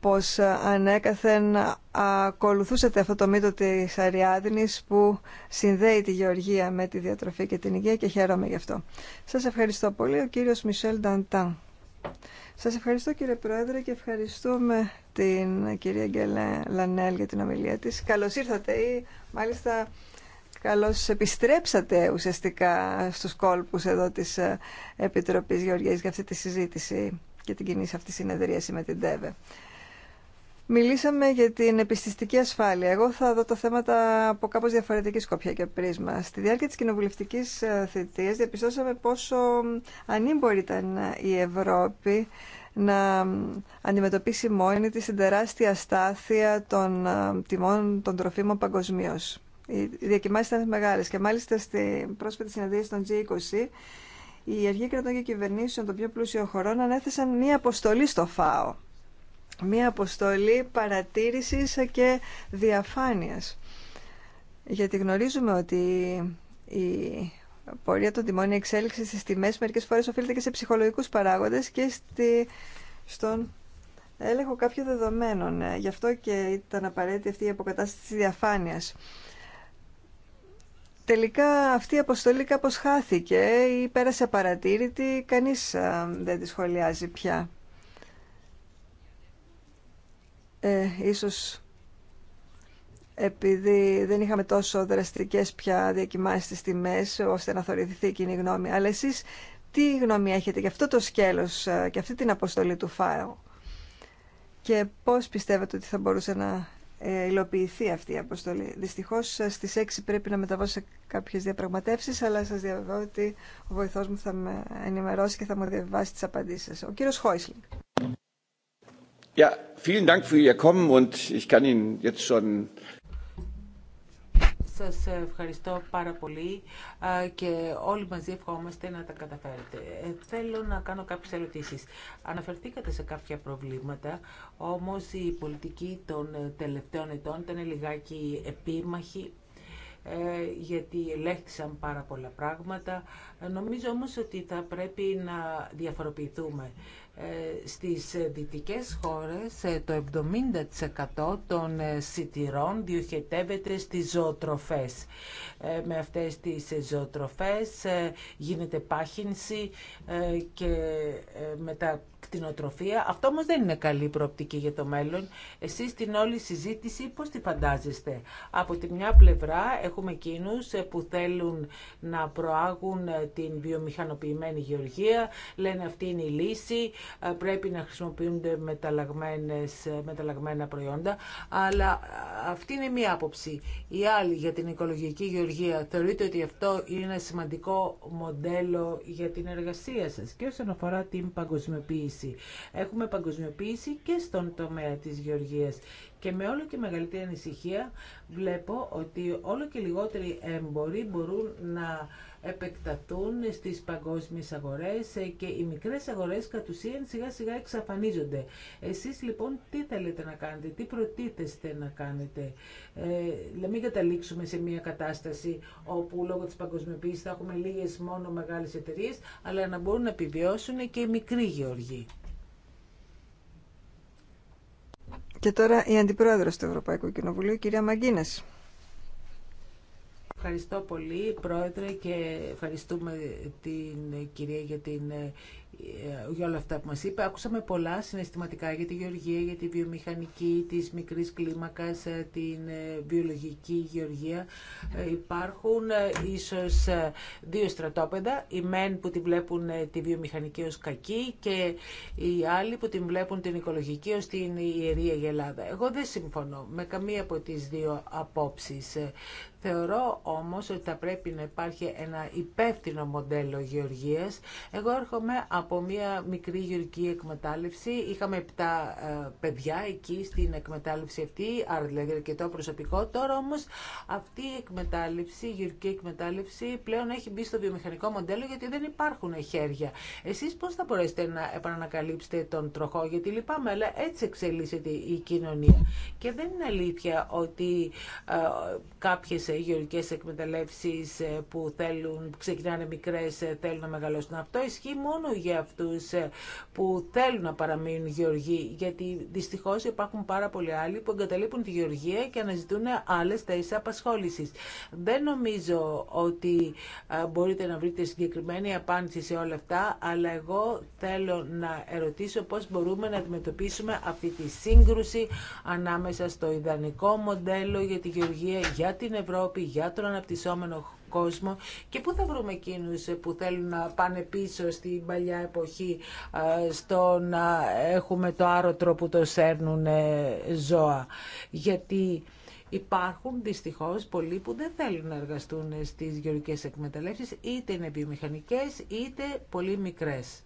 πως ανέκαθεν ακολουθούσατε αυτό το μύτο της Αριάδνης που συνδέει τη γεωργία με τη διατροφή και την υγεία και χαίρομαι γι' αυτό. Σας ευχαριστώ πολύ. Ο κύριος Μισελ Νταντάν. Σας ευχαριστώ κύριε Πρόεδρε και ευχαριστούμε την κυρία Γκέλε Λανέλ για την ομιλία της. Καλώς ήρθατε ή μάλιστα καλώς επιστρέψατε ουσιαστικά στους κόλπους εδώ της ε, Επιτροπής Γεωργίας για αυτή τη συζήτηση και την κοινή αυτή συνεδρίαση με την ΤΕΒΕ. Μιλήσαμε για την επιστηστική ασφάλεια. Εγώ θα δω τα θέματα από κάπω διαφορετική σκοπιά και πρίσμα. Στη διάρκεια τη κοινοβουλευτική ε, θητεία διαπιστώσαμε πόσο ανήμπορη ήταν ε, η Ευρώπη να αντιμετωπίσει μόνη τη την τεράστια αστάθεια των ε, τιμών των τροφίμων παγκοσμίω. Οι διακοιμάσεις ήταν μεγάλες και μάλιστα στην πρόσφατη συναντήση των G20 οι αρχοί κρατών και κυβερνήσεων των πιο πλούσιων χωρών ανέθεσαν μία αποστολή στο ΦΑΟ μία αποστολή παρατήρησης και διαφάνειας. Γιατί γνωρίζουμε ότι η πορεία των τιμών, η εξέλιξη στις τιμές μερικές φορές οφείλεται και σε ψυχολογικούς παράγοντες και στη, στον έλεγχο κάποιων δεδομένων. Ε, γι' αυτό και ήταν απαραίτητη αυτή η αποκατάσταση της διαφάνειας. Τελικά αυτή η αποστολή κάπως χάθηκε ή πέρασε παρατήρητη, κανείς ε, δεν τη σχολιάζει πια ε, ίσως επειδή δεν είχαμε τόσο δραστικές πια διακοιμάσεις στις τιμές ώστε να θεωρηθεί η κοινή γνώμη. Αλλά εσείς τι γνώμη έχετε για αυτό το σκέλος ε, και αυτή την αποστολή του ΦΑΕΟ και πώς πιστεύετε ότι θα μπορούσε να ε, υλοποιηθεί αυτή η αποστολή. Δυστυχώς ε, στις 6 πρέπει να μεταβώ σε κάποιες διαπραγματεύσεις αλλά σας διαβεβαιώ ότι ο βοηθός μου θα με ενημερώσει και θα μου διαβάσει τις απαντήσεις σας. Ο κύριος Χόισλινγκ. Ja, σας ευχαριστώ πάρα πολύ και όλοι μαζί ευχόμαστε να τα καταφέρετε. Ε, θέλω να κάνω κάποιες ερωτήσεις. Αναφερθήκατε σε κάποια προβλήματα, όμως η πολιτική των ε, τελευταίων ετών ήταν λιγάκι επίμαχη, ε, γιατί ελέγχθησαν πάρα πολλά πράγματα. Ε, νομίζω όμως ότι θα πρέπει να διαφοροποιηθούμε. Ε, στις δυτικές χώρες το 70% των σιτηρών διοχετεύεται στις ζωοτροφές. Με αυτές τις ζωοτροφές γίνεται πάχυνση και μετά αυτό όμως δεν είναι καλή προοπτική για το μέλλον. Εσείς την όλη συζήτηση πώς τη φαντάζεστε. Από τη μια πλευρά έχουμε εκείνου ε, που θέλουν να προάγουν ε, την βιομηχανοποιημένη γεωργία. Λένε αυτή είναι η λύση, ε, πρέπει να χρησιμοποιούνται μεταλλαγμένα προϊόντα. Αλλά αυτή είναι μία άποψη. Η άλλη για την οικολογική γεωργία. Θεωρείτε ότι αυτό είναι ένα σημαντικό μοντέλο για την εργασία σας και όσον αφορά την παγκοσμιοποίηση Έχουμε παγκοσμιοποίηση και στον τομέα της γεωργίας και με όλο και μεγαλύτερη ανησυχία βλέπω ότι όλο και λιγότεροι έμποροι μπορούν να επεκταθούν στις παγκόσμιες αγορές και οι μικρές αγορές κατ' ουσίαν σιγά σιγά εξαφανίζονται. Εσείς λοιπόν τι θέλετε να κάνετε, τι προτίθεστε να κάνετε. Ε, μην καταλήξουμε σε μια κατάσταση όπου λόγω της παγκοσμιοποίησης θα έχουμε λίγες μόνο μεγάλες εταιρείες, αλλά να μπορούν να επιβιώσουν και οι μικροί γεωργοί. Και τώρα η Αντιπρόεδρος του Ευρωπαϊκού Κοινοβουλίου, κυρία Μαγκίνες. Ευχαριστώ πολύ, Πρόεδρε, και ευχαριστούμε την κυρία για την ε, ε, για όλα αυτά που μας είπε. Άκουσαμε πολλά συναισθηματικά για τη γεωργία, για τη βιομηχανική, της μικρής κλίμακας, ε, την ε, βιολογική γεωργία. Υπάρχουν ίσως δύο στρατόπεδα, οι μεν που τη βλέπουν τη βιομηχανική ως κακή και οι άλλοι που την βλέπουν την οικολογική ως την ιερή γελάδα. Εγώ δεν συμφωνώ με καμία από τις δύο απόψεις. Θεωρώ όμως ότι θα πρέπει να υπάρχει ένα υπεύθυνο μοντέλο γεωργίας. Εγώ έρχομαι από μια μικρή γεωργική εκμετάλλευση. Είχαμε 7 ε, παιδιά εκεί στην εκμετάλλευση αυτή, άρα δηλαδή αρκετό προσωπικό. Τώρα όμως αυτή η εκμετάλλευση, η γεωργική εκμετάλλευση πλέον έχει μπει στο βιομηχανικό μοντέλο γιατί δεν υπάρχουν χέρια. Εσείς πώς θα μπορέσετε να επανακαλύψετε τον τροχό γιατί λυπάμαι αλλά έτσι εξελίσσεται η κοινωνία. Και δεν είναι αλήθεια ότι ε, γεωργικές εκμεταλλεύσεις ε, που θέλουν, ξεκινάνε μικρές, ε, θέλουν να μεγαλώσουν. Αυτό ισχύει μόνο για αυτούς ε, που θέλουν να παραμείνουν γεωργοί, γιατί δυστυχώς υπάρχουν πάρα πολλοί άλλοι που εγκαταλείπουν τη γεωργία και αναζητούν άλλες θέσεις απασχόλησης. Δεν νομίζω ότι μπορείτε να βρείτε συγκεκριμένη απάντηση σε όλα αυτά, αλλά εγώ θέλω να ερωτήσω πώς μπορούμε να αντιμετωπίσουμε αυτή τη σύγκρουση ανάμεσα στο ιδανικό μοντέλο για τη γεωργία για την Ευρώπη για τον αναπτυσσόμενο κόσμο και πού θα βρούμε εκείνους που θέλουν να πάνε πίσω στην παλιά εποχή στο να έχουμε το άρωτρο που το σέρνουν ε, ζώα. Γιατί Υπάρχουν δυστυχώς πολλοί που δεν θέλουν να εργαστούν στις γεωργικές εκμεταλλεύσεις, είτε είναι βιομηχανικές, είτε πολύ μικρές.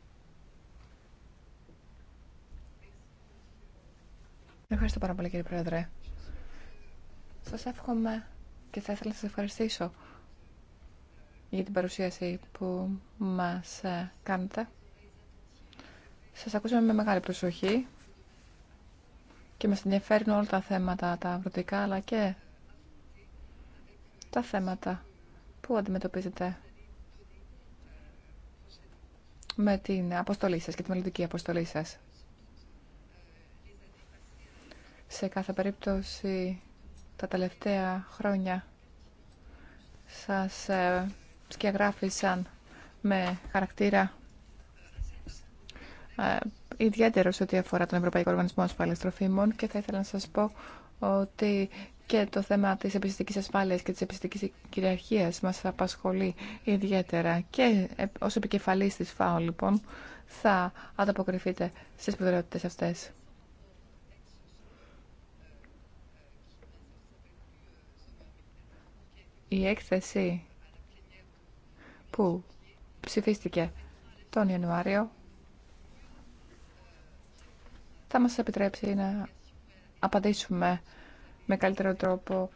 Ευχαριστώ πάρα πολύ κύριε Πρόεδρε. Σας εύχομαι και θα ήθελα να σας ευχαριστήσω για την παρουσίαση που μας ε, κάνετε. Σας ακούσαμε με μεγάλη προσοχή και μας ενδιαφέρουν όλα τα θέματα τα αγροτικά αλλά και τα θέματα που αντιμετωπίζετε με την αποστολή σας και τη μελλοντική αποστολή σας. Σε κάθε περίπτωση τα τελευταία χρόνια σας ε, σκιαγράφησαν με χαρακτήρα ε, ιδιαίτερο σε ό,τι αφορά τον Ευρωπαϊκό Οργανισμό Ασφάλειας Τροφίμων και θα ήθελα να σας πω ότι και το θέμα της επιστημικής ασφάλειας και της επιστημικής κυριαρχίας μας απασχολεί ιδιαίτερα και ε, ως επικεφαλής της ΦΑΟ λοιπόν θα ανταποκριθείτε στις προτεραιότητες αυτές. Η έκθεση που ψηφίστηκε τον Ιανουάριο θα μας επιτρέψει να απαντήσουμε με καλύτερο τρόπο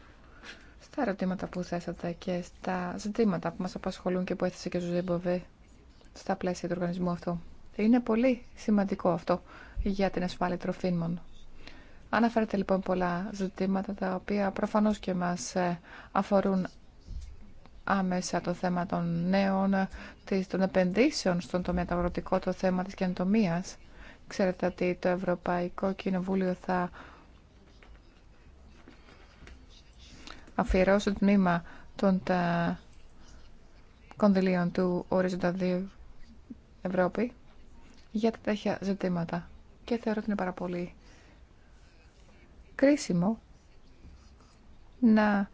στα ερωτήματα που θέσατε και στα ζητήματα που μας απασχολούν και που έθεσε και ο Ζήμποβε στα πλαίσια του οργανισμού αυτού. Είναι πολύ σημαντικό αυτό για την ασφάλεια τροφίμων. Αναφέρετε λοιπόν πολλά ζητήματα τα οποία προφανώς και μας ε, αφορούν άμεσα το θέμα των νέων, των επενδύσεων στον τομέα αγροτικό, το θέμα της καινοτομίας. Ξέρετε ότι το Ευρωπαϊκό Κοινοβούλιο θα αφιερώσει το τμήμα των τα κονδυλίων του Ορίζοντα 2 Ευρώπη για τα τέτοια ζητήματα. Και θεωρώ ότι είναι πάρα πολύ κρίσιμο να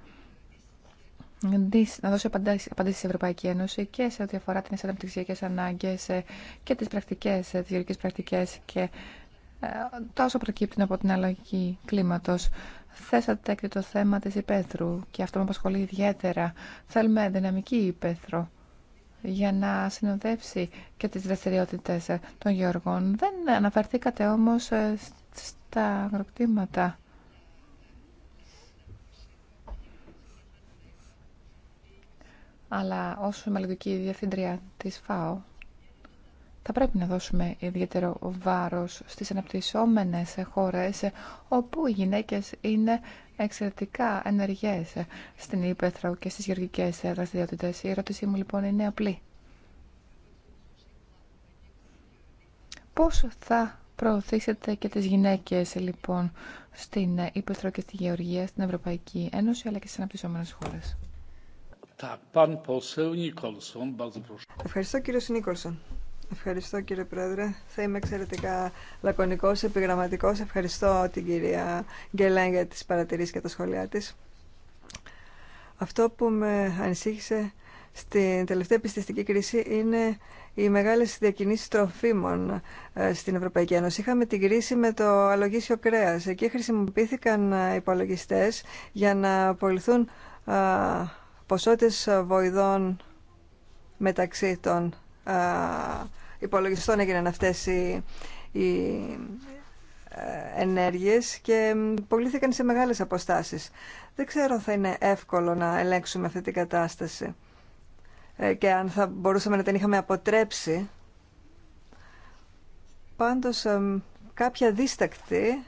να δώσει απαντήσει στην Ευρωπαϊκή Ένωση και σε ό,τι αφορά τι αναπτυξιακέ ανάγκε ε, και τις πρακτικές, ε, τις πρακτικές και ε, τόσο προκύπτουν από την αλλαγή κλίματος. Θέσατε και το θέμα της υπαίθρου και αυτό με απασχολεί ιδιαίτερα. Θέλουμε δυναμική υπαίθρο για να συνοδεύσει και τις δραστηριότητες των γεωργών. Δεν αναφερθήκατε όμως στα αγροκτήματα αλλά ως μελλοντική διευθύντρια της ΦΑΟ θα πρέπει να δώσουμε ιδιαίτερο βάρος στις αναπτυσσόμενες χώρες όπου οι γυναίκες είναι εξαιρετικά ενεργές στην Ήπεθρο και στις γεωργικές δραστηριότητε. Η ερώτησή μου λοιπόν είναι απλή. Πώς θα προωθήσετε και τις γυναίκες λοιπόν στην Ήπεθρο και στη Γεωργία, στην Ευρωπαϊκή Ένωση αλλά και στις αναπτυσσόμενες χώρες. Ευχαριστώ κύριε Νίκολσον. Ευχαριστώ κύριε Πρόεδρε. Θα είμαι εξαιρετικά λακωνικό, επιγραμματικό. Ευχαριστώ την κυρία Γκελέν για τις παρατηρήσεις και τα σχόλιά τη. Αυτό που με ανησύχησε στην τελευταία πιστιστική κρίση είναι οι μεγάλες διακινήσεις τροφίμων ε, στην Ευρωπαϊκή Ένωση. Είχαμε την κρίση με το αλογίσιο κρέας. Εκεί χρησιμοποιήθηκαν ε, υπολογιστές για να απολυθούν ε, ποσότητες βοηδών μεταξύ των υπολογιστών έγιναν αυτές οι, οι ε, ενέργειες και πολύθηκαν σε μεγάλες αποστάσεις. Δεν ξέρω αν θα είναι εύκολο να ελέγξουμε αυτή την κατάσταση ε, και αν θα μπορούσαμε να την είχαμε αποτρέψει. Πάντως ε, κάποια δίστακτη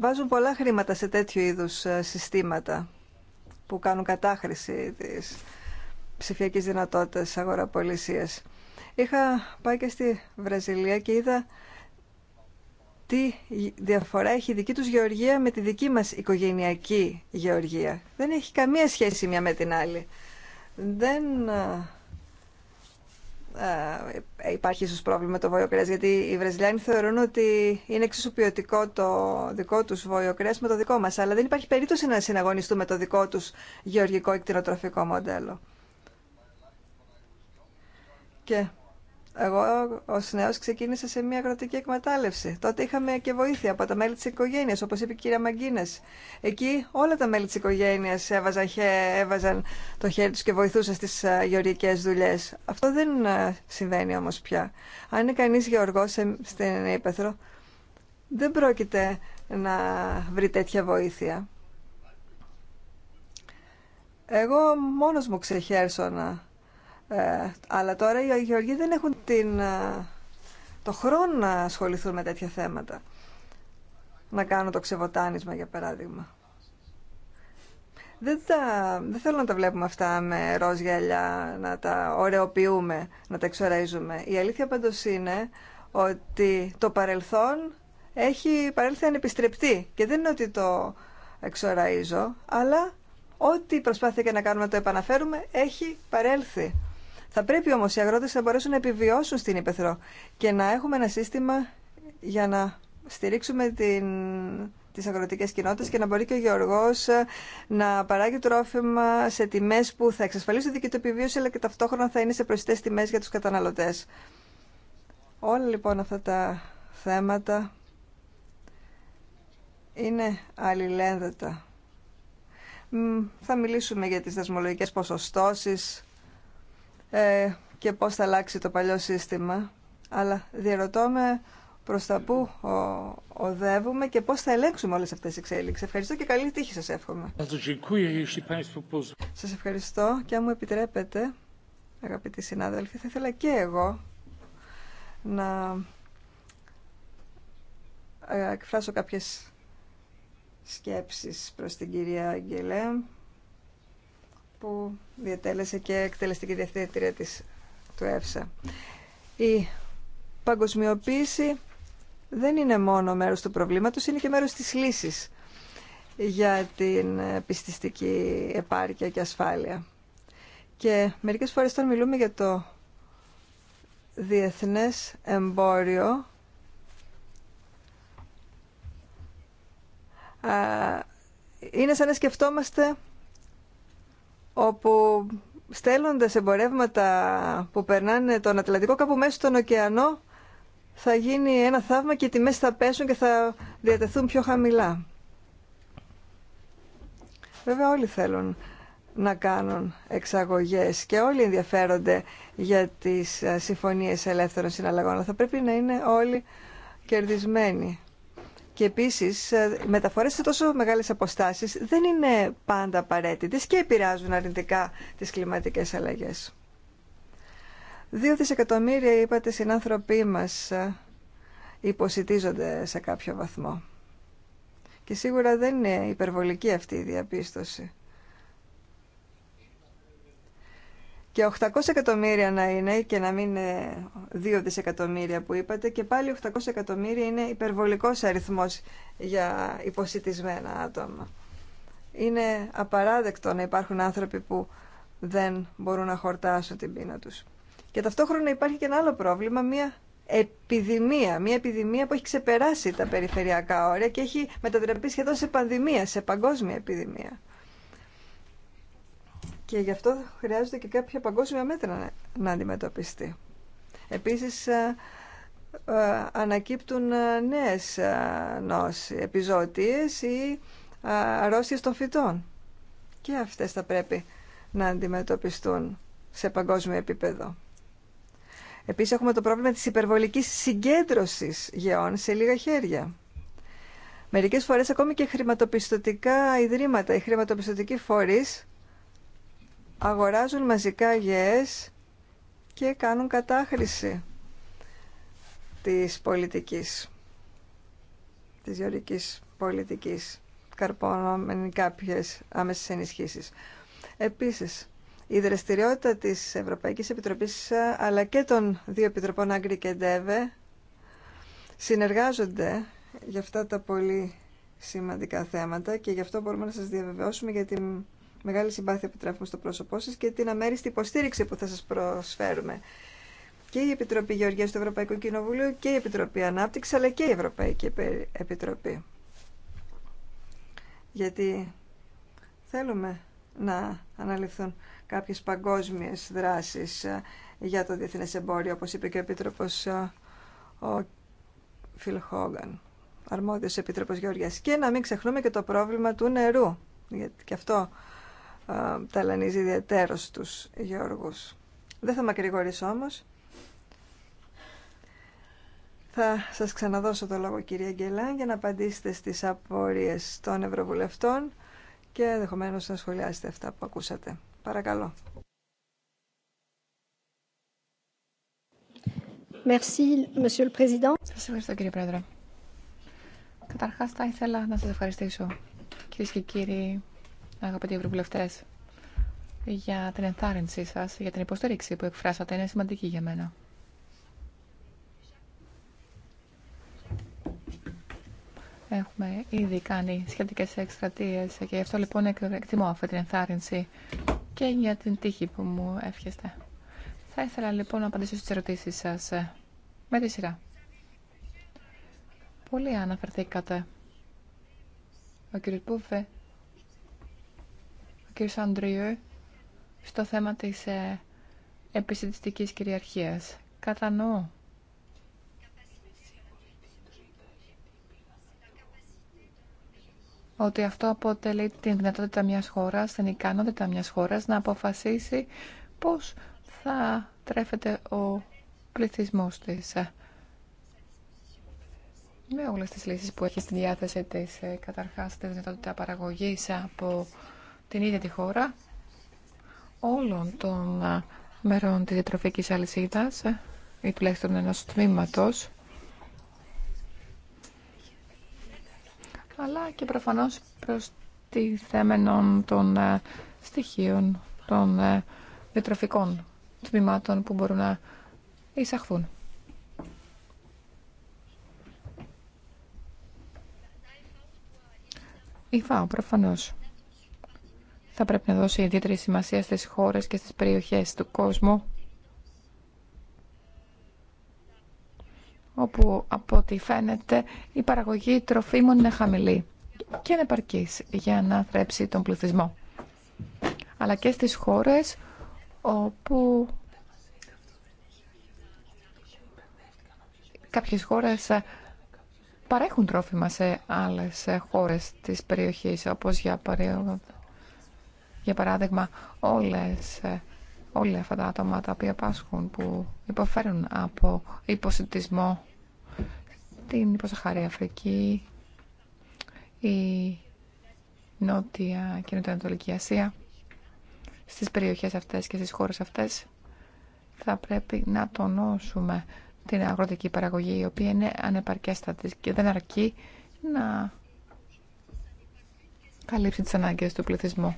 βάζουν πολλά χρήματα σε τέτοιου είδους ε, συστήματα που κάνουν κατάχρηση της ψηφιακής δυνατότητας αγοραπολισίας. Είχα πάει και στη Βραζιλία και είδα τι διαφορά έχει η δική τους γεωργία με τη δική μας οικογενειακή γεωργία. Δεν έχει καμία σχέση μια με την άλλη. Δεν ε, ε, υπάρχει ίσω πρόβλημα με το βόλιο κρέα. γιατί οι Βραζιλιάνοι θεωρούν ότι είναι ποιοτικό το δικό τους βόλιο με το δικό μας, αλλά δεν υπάρχει περίπτωση να συναγωνιστούμε το δικό τους γεωργικό εκτινοτροφικό μοντέλο. Και εγώ ω νέο ξεκίνησα σε μια κρατική εκμετάλλευση. Τότε είχαμε και βοήθεια από τα μέλη τη οικογένεια, όπω είπε η κυρία Μαγκίνε. Εκεί όλα τα μέλη τη οικογένεια έβαζαν, έβαζαν το χέρι του και βοηθούσαν στι ε, γεωργικέ δουλειέ. Αυτό δεν ε, συμβαίνει όμω πια. Αν είναι κανεί γεωργό στην Ήπεθρο, δεν πρόκειται να βρει τέτοια βοήθεια. Εγώ μόνος μου να... Ε, αλλά τώρα οι Γεωργοί δεν έχουν την, ε, το χρόνο να ασχοληθούν με τέτοια θέματα. Να κάνουν το ξεβοτάνισμα, για παράδειγμα. Δεν, τα, θέλω να τα βλέπουμε αυτά με ροζ γυαλιά, να τα ωρεοποιούμε, να τα εξοραίζουμε. Η αλήθεια πάντως είναι ότι το παρελθόν έχει παρέλθει ανεπιστρεπτή και δεν είναι ότι το εξοραίζω, αλλά ό,τι προσπάθηκε να κάνουμε να το επαναφέρουμε έχει παρέλθει. Θα πρέπει όμως οι αγρότες να μπορέσουν να επιβιώσουν στην Ήπεθρο και να έχουμε ένα σύστημα για να στηρίξουμε την, τις αγροτικές κοινότητες και να μπορεί και ο Γεωργός ε, να παράγει τρόφιμα σε τιμές που θα εξασφαλίσουν δική του επιβίωση αλλά και ταυτόχρονα θα είναι σε προσιτές τιμές για τους καταναλωτές. Όλα λοιπόν αυτά τα θέματα είναι αλληλένδετα. Θα μιλήσουμε για τις δασμολογικές ποσοστώσεις, ε, και πώς θα αλλάξει το παλιό σύστημα, αλλά διαρωτώ με προς τα πού οδεύουμε και πώς θα ελέγξουμε όλες αυτές τις εξέλιξεις. Ευχαριστώ και καλή τύχη σας εύχομαι. Σας ευχαριστώ και αν μου επιτρέπετε, αγαπητοί συνάδελφοι, θα ήθελα και εγώ να ε, εκφράσω κάποιες σκέψεις προς την κυρία Αγγελέ που διατέλεσε και εκτελεστική διευθύντρια της του ΕΦΣΑ. Η παγκοσμιοποίηση δεν είναι μόνο μέρος του προβλήματος, είναι και μέρος της λύσης για την ε, πιστιστική επάρκεια και ασφάλεια. Και μερικές φορές όταν μιλούμε για το διεθνές εμπόριο, είναι σαν να σκεφτόμαστε όπου στέλνοντας εμπορεύματα που περνάνε τον Ατλαντικό κάπου μέσα στον ωκεανό θα γίνει ένα θαύμα και οι τιμές θα πέσουν και θα διατεθούν πιο χαμηλά. Βέβαια όλοι θέλουν να κάνουν εξαγωγές και όλοι ενδιαφέρονται για τις ε, συμφωνίες ελεύθερων συναλλαγών. Αλλά θα πρέπει να είναι όλοι κερδισμένοι. Και επίσης, μεταφορέ μεταφορές σε τόσο μεγάλες αποστάσεις δεν είναι πάντα απαραίτητε και επηρεάζουν αρνητικά τις κλιματικές αλλαγές. Δύο δισεκατομμύρια, είπατε, συνάνθρωποι μας ε, υποσυτίζονται σε κάποιο βαθμό. Και σίγουρα δεν είναι υπερβολική αυτή η διαπίστωση. και 800 εκατομμύρια να είναι και να μην είναι 2 δισεκατομμύρια που είπατε και πάλι 800 εκατομμύρια είναι υπερβολικός αριθμός για υποσυτισμένα άτομα. Είναι απαράδεκτο να υπάρχουν άνθρωποι που δεν μπορούν να χορτάσουν την πείνα τους. Και ταυτόχρονα υπάρχει και ένα άλλο πρόβλημα, μια επιδημία, μια επιδημία που έχει ξεπεράσει τα περιφερειακά όρια και έχει μετατραπεί σχεδόν σε πανδημία, σε παγκόσμια επιδημία. Και γι' αυτό χρειάζονται και κάποια παγκόσμια μέτρα να αντιμετωπιστεί. Επίσης, ε, ε, ανακύπτουν ε, νέες νόσοι, επιζωτίες ή αρρώστιες των φυτών. Και αυτές θα πρέπει να αντιμετωπιστούν σε παγκόσμιο επίπεδο. Επίσης έχουμε το πρόβλημα της υπερβολικής συγκέντρωσης γεών σε λίγα χέρια. Μερικές φορές ακόμη και χρηματοπιστωτικά ιδρύματα, ή χρηματοπιστωτικοί φορείς αγοράζουν μαζικά γεές και κάνουν κατάχρηση της πολιτικής, της γεωρικής πολιτικής, καρπονόμενη κάποιες άμεσες ενισχύσεις. Επίσης, η δραστηριότητα της Ευρωπαϊκής Επιτροπής αλλά και των δύο επιτροπών Άγκρη και Ντέβε συνεργάζονται για αυτά τα πολύ σημαντικά θέματα και γι' αυτό μπορούμε να σας διαβεβαιώσουμε για την μεγάλη συμπάθεια που στο πρόσωπό σας και την αμέριστη υποστήριξη που θα σας προσφέρουμε. Και η Επιτροπή Γεωργίας του Ευρωπαϊκού Κοινοβουλίου και η Επιτροπή Ανάπτυξη αλλά και η Ευρωπαϊκή Επιτροπή. Γιατί θέλουμε να αναλυθούν κάποιες παγκόσμιες δράσεις ε, για το διεθνές εμπόριο, όπως είπε και ο επίτροπο ε, ο Φιλ Χόγκαν, αρμόδιο Επίτροπος Γεωργία. Και να μην ξεχνούμε και το πρόβλημα του νερού, γιατί αυτό ταλανίζει ιδιαίτερος τους Γεωργούς. Δεν θα μακρηγορήσω όμως. Θα σας ξαναδώσω το λόγο κυρία Γκελάν για να απαντήσετε στις απορίες των Ευρωβουλευτών και ενδεχομένω να σχολιάσετε αυτά που ακούσατε. Παρακαλώ. Merci, Σας ευχαριστώ κύριε Πρόεδρε. Καταρχάς θα ήθελα να σας ευχαριστήσω κυρίες και κύριοι αγαπητοί ευρωβουλευτέ, για την ενθάρρυνσή σα, για την υποστήριξη που εκφράσατε. Είναι σημαντική για μένα. Έχουμε ήδη κάνει σχετικέ εκστρατείε και γι' αυτό λοιπόν εκτιμώ αυτή την ενθάρρυνση και για την τύχη που μου εύχεστε. Θα ήθελα λοιπόν να απαντήσω στις ερωτήσεις σας ε, με τη σειρά. Πολύ αναφερθήκατε. Ο κ κύριος Αντριού στο θέμα της ε, επιστημιστικής κυριαρχίας. Κατανοώ ότι αυτό αποτελεί την δυνατότητα μιας χώρας, την ικανότητα μιας χώρας να αποφασίσει πώς θα τρέφεται ο πληθυσμός της ε, με όλες τις λύσεις που έχει στη διάθεση της, ε, καταρχάς τη δυνατότητα παραγωγής από την ίδια τη χώρα όλων των ε, μερών της διατροφικής αλυσίδας ε, ή τουλάχιστον ενός τμήματος αλλά και προφανώς προς τη θέμενον των ε, στοιχείων των διατροφικών τμήματων που μπορούν να εισαχθούν. Η ΦΑΟ προφανώς θα πρέπει να δώσει ιδιαίτερη σημασία στις χώρες και στις περιοχές του κόσμου όπου από ό,τι φαίνεται η παραγωγή τροφίμων είναι χαμηλή και είναι ανεπαρκής για να θρέψει τον πληθυσμό. Αλλά και στις χώρες όπου κάποιες χώρες παρέχουν τρόφιμα σε άλλες χώρες της περιοχής, όπως για παράδειγμα για παράδειγμα, όλες, ε, όλα αυτά τα άτομα τα οποία πάσχουν, που υποφέρουν από υποσυντισμό την υποσαχαρή Αφρική, η Νότια και Νοτιοανατολική Ασία, στις περιοχές αυτές και στις χώρες αυτές, θα πρέπει να τονώσουμε την αγροτική παραγωγή, η οποία είναι ανεπαρκέστατη και δεν αρκεί να καλύψει τις ανάγκες του πληθυσμού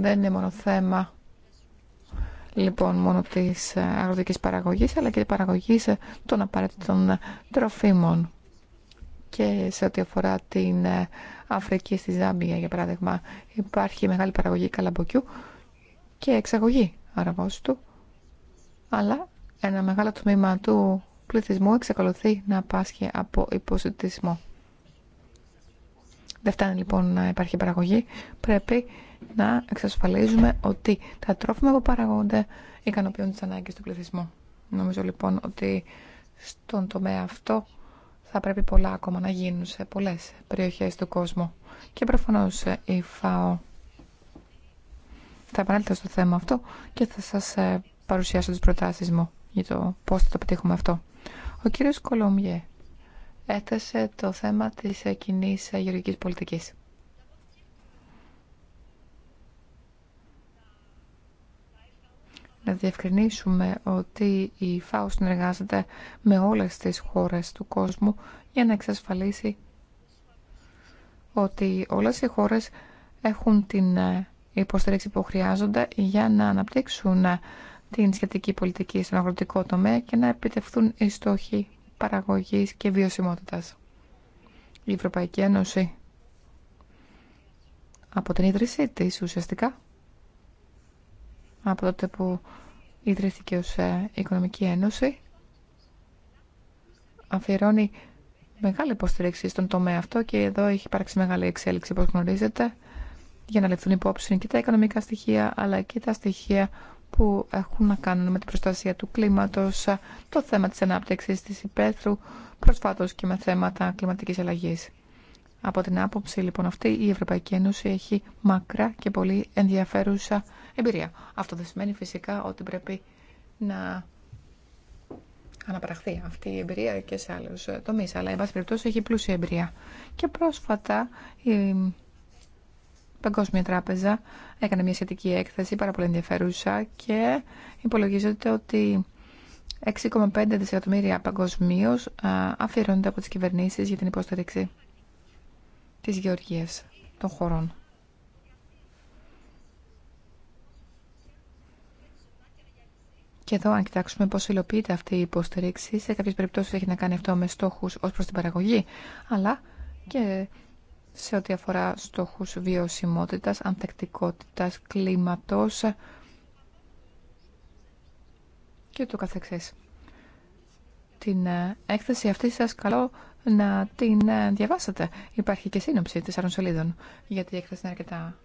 δεν είναι μόνο θέμα λοιπόν μόνο της ε, αγροτικής παραγωγής αλλά και της παραγωγής ε, των απαραίτητων τροφίμων και σε ό,τι αφορά την ε, Αφρική στη Ζάμπια για παράδειγμα υπάρχει μεγάλη παραγωγή καλαμποκιού και εξαγωγή του, αλλά ένα μεγάλο τμήμα του πληθυσμού εξακολουθεί να πάσχει από υποσυντισμό. Δεν φτάνει λοιπόν να υπάρχει παραγωγή. Πρέπει να εξασφαλίζουμε ότι τα τρόφιμα που παραγόνται ικανοποιούν τις ανάγκες του πληθυσμού. Νομίζω λοιπόν ότι στον τομέα αυτό θα πρέπει πολλά ακόμα να γίνουν σε πολλές περιοχές του κόσμου. Και προφανώς ε, η ΦΑΟ θα επανέλθω στο θέμα αυτό και θα σας ε, παρουσιάσω τις προτάσεις μου για το πώς θα το πετύχουμε αυτό. Ο κύριος Κολομιέ έθεσε το θέμα της ε, κοινή ε, γεωργικής πολιτικής. Να διευκρινίσουμε ότι η ΦΑΟ συνεργάζεται με όλες τις χώρες του κόσμου για να εξασφαλίσει ότι όλες οι χώρες έχουν την ε, υποστήριξη που χρειάζονται για να αναπτύξουν την σχετική πολιτική στον αγροτικό τομέα και να επιτευχθούν οι στόχοι παραγωγής και βιωσιμότητας. Η Ευρωπαϊκή Ένωση από την ίδρυσή της ουσιαστικά από τότε που ίδρυθηκε ως ε, Οικονομική Ένωση αφιερώνει μεγάλη υποστήριξη στον τομέα αυτό και εδώ έχει υπάρξει μεγάλη εξέλιξη όπως γνωρίζετε για να λεφθούν υπόψη και τα οικονομικά στοιχεία αλλά και τα στοιχεία που έχουν να κάνουν με την προστασία του κλίματος, το θέμα της ανάπτυξης της υπαίθρου, προσφάτως και με θέματα κλιματικής αλλαγής. Από την άποψη λοιπόν αυτή η Ευρωπαϊκή Ένωση έχει μακρά και πολύ ενδιαφέρουσα εμπειρία. Αυτό δεν σημαίνει φυσικά ότι πρέπει να αναπραχθεί αυτή η εμπειρία και σε άλλους τομείς, αλλά η βάση περιπτώσει έχει πλούσια εμπειρία. Και πρόσφατα η Παγκόσμια Τράπεζα έκανε μια σχετική έκθεση πάρα πολύ ενδιαφέρουσα και υπολογίζεται ότι 6,5 δισεκατομμύρια παγκοσμίω αφιερώνονται από τις κυβερνήσεις για την υποστήριξη τη γεωργία των χωρών. Και εδώ, αν κοιτάξουμε πώ υλοποιείται αυτή η υποστήριξη, σε κάποιε περιπτώσει έχει να κάνει αυτό με στόχου ω προ την παραγωγή, αλλά και σε ό,τι αφορά στόχους βιωσιμότητας, ανθεκτικότητας, κλίματος και το καθεξής. Την ε, έκθεση αυτή σας καλώ να την ε, διαβάσετε. Υπάρχει και σύνοψη τεσσάρων σελίδων, γιατί η έκθεση είναι αρκετά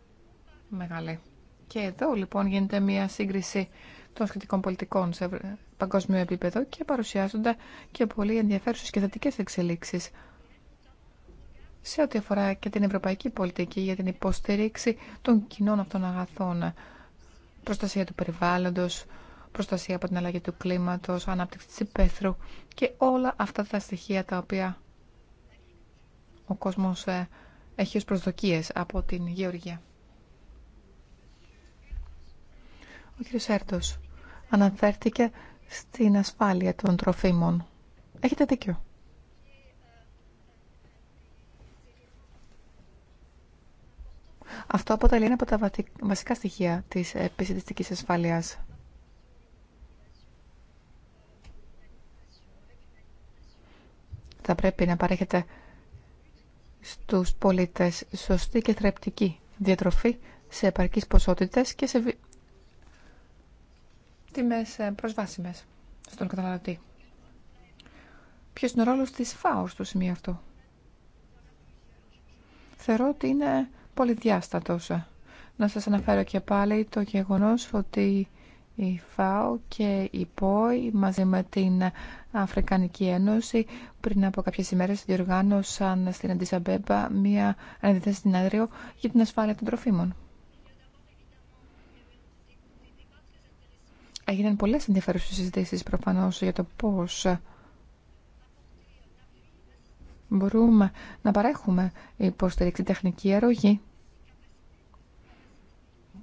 μεγάλη. Και εδώ λοιπόν γίνεται μια σύγκριση των σχετικών πολιτικών σε παγκόσμιο επίπεδο και παρουσιάζονται και πολύ ενδιαφέρουσες και θετικές εξελίξεις σε ό,τι αφορά και την ευρωπαϊκή πολιτική για την υποστήριξη των κοινών αυτών αγαθών. Προστασία του περιβάλλοντος, προστασία από την αλλαγή του κλίματος, ανάπτυξη της υπαίθρου και όλα αυτά τα στοιχεία τα οποία ο κόσμος ε, έχει ως προσδοκίες από την γεωργία. Ο κ. Σέρτος αναφέρθηκε στην ασφάλεια των τροφίμων. Έχετε δίκιο. Αυτό αποτελεί ένα από τα βασικά στοιχεία της ε, επιστημιστικής ασφάλειας. Θα πρέπει να παρέχεται στους πολίτες σωστή και θρεπτική διατροφή σε επαρκείς ποσότητες και σε τιμές ε, προσβάσιμες στον καταναλωτή. Ποιος είναι ο ρόλος της ΦΑΟ στο σημείο αυτό. Θεωρώ ότι είναι πολυδιάστατος. Να σας αναφέρω και πάλι το γεγονός ότι η ΦΑΟ και η ΠΟΗ μαζί με την Αφρικανική Ένωση πριν από κάποιες ημέρες διοργάνωσαν στην Αντισαμπέμπα μια στην ΑΔΡΙΟ για την ασφάλεια των τροφίμων. Έγιναν πολλές ενδιαφέρουσες συζητήσεις προφανώς για το πώς μπορούμε να παρέχουμε υποστήριξη τεχνική αρρωγή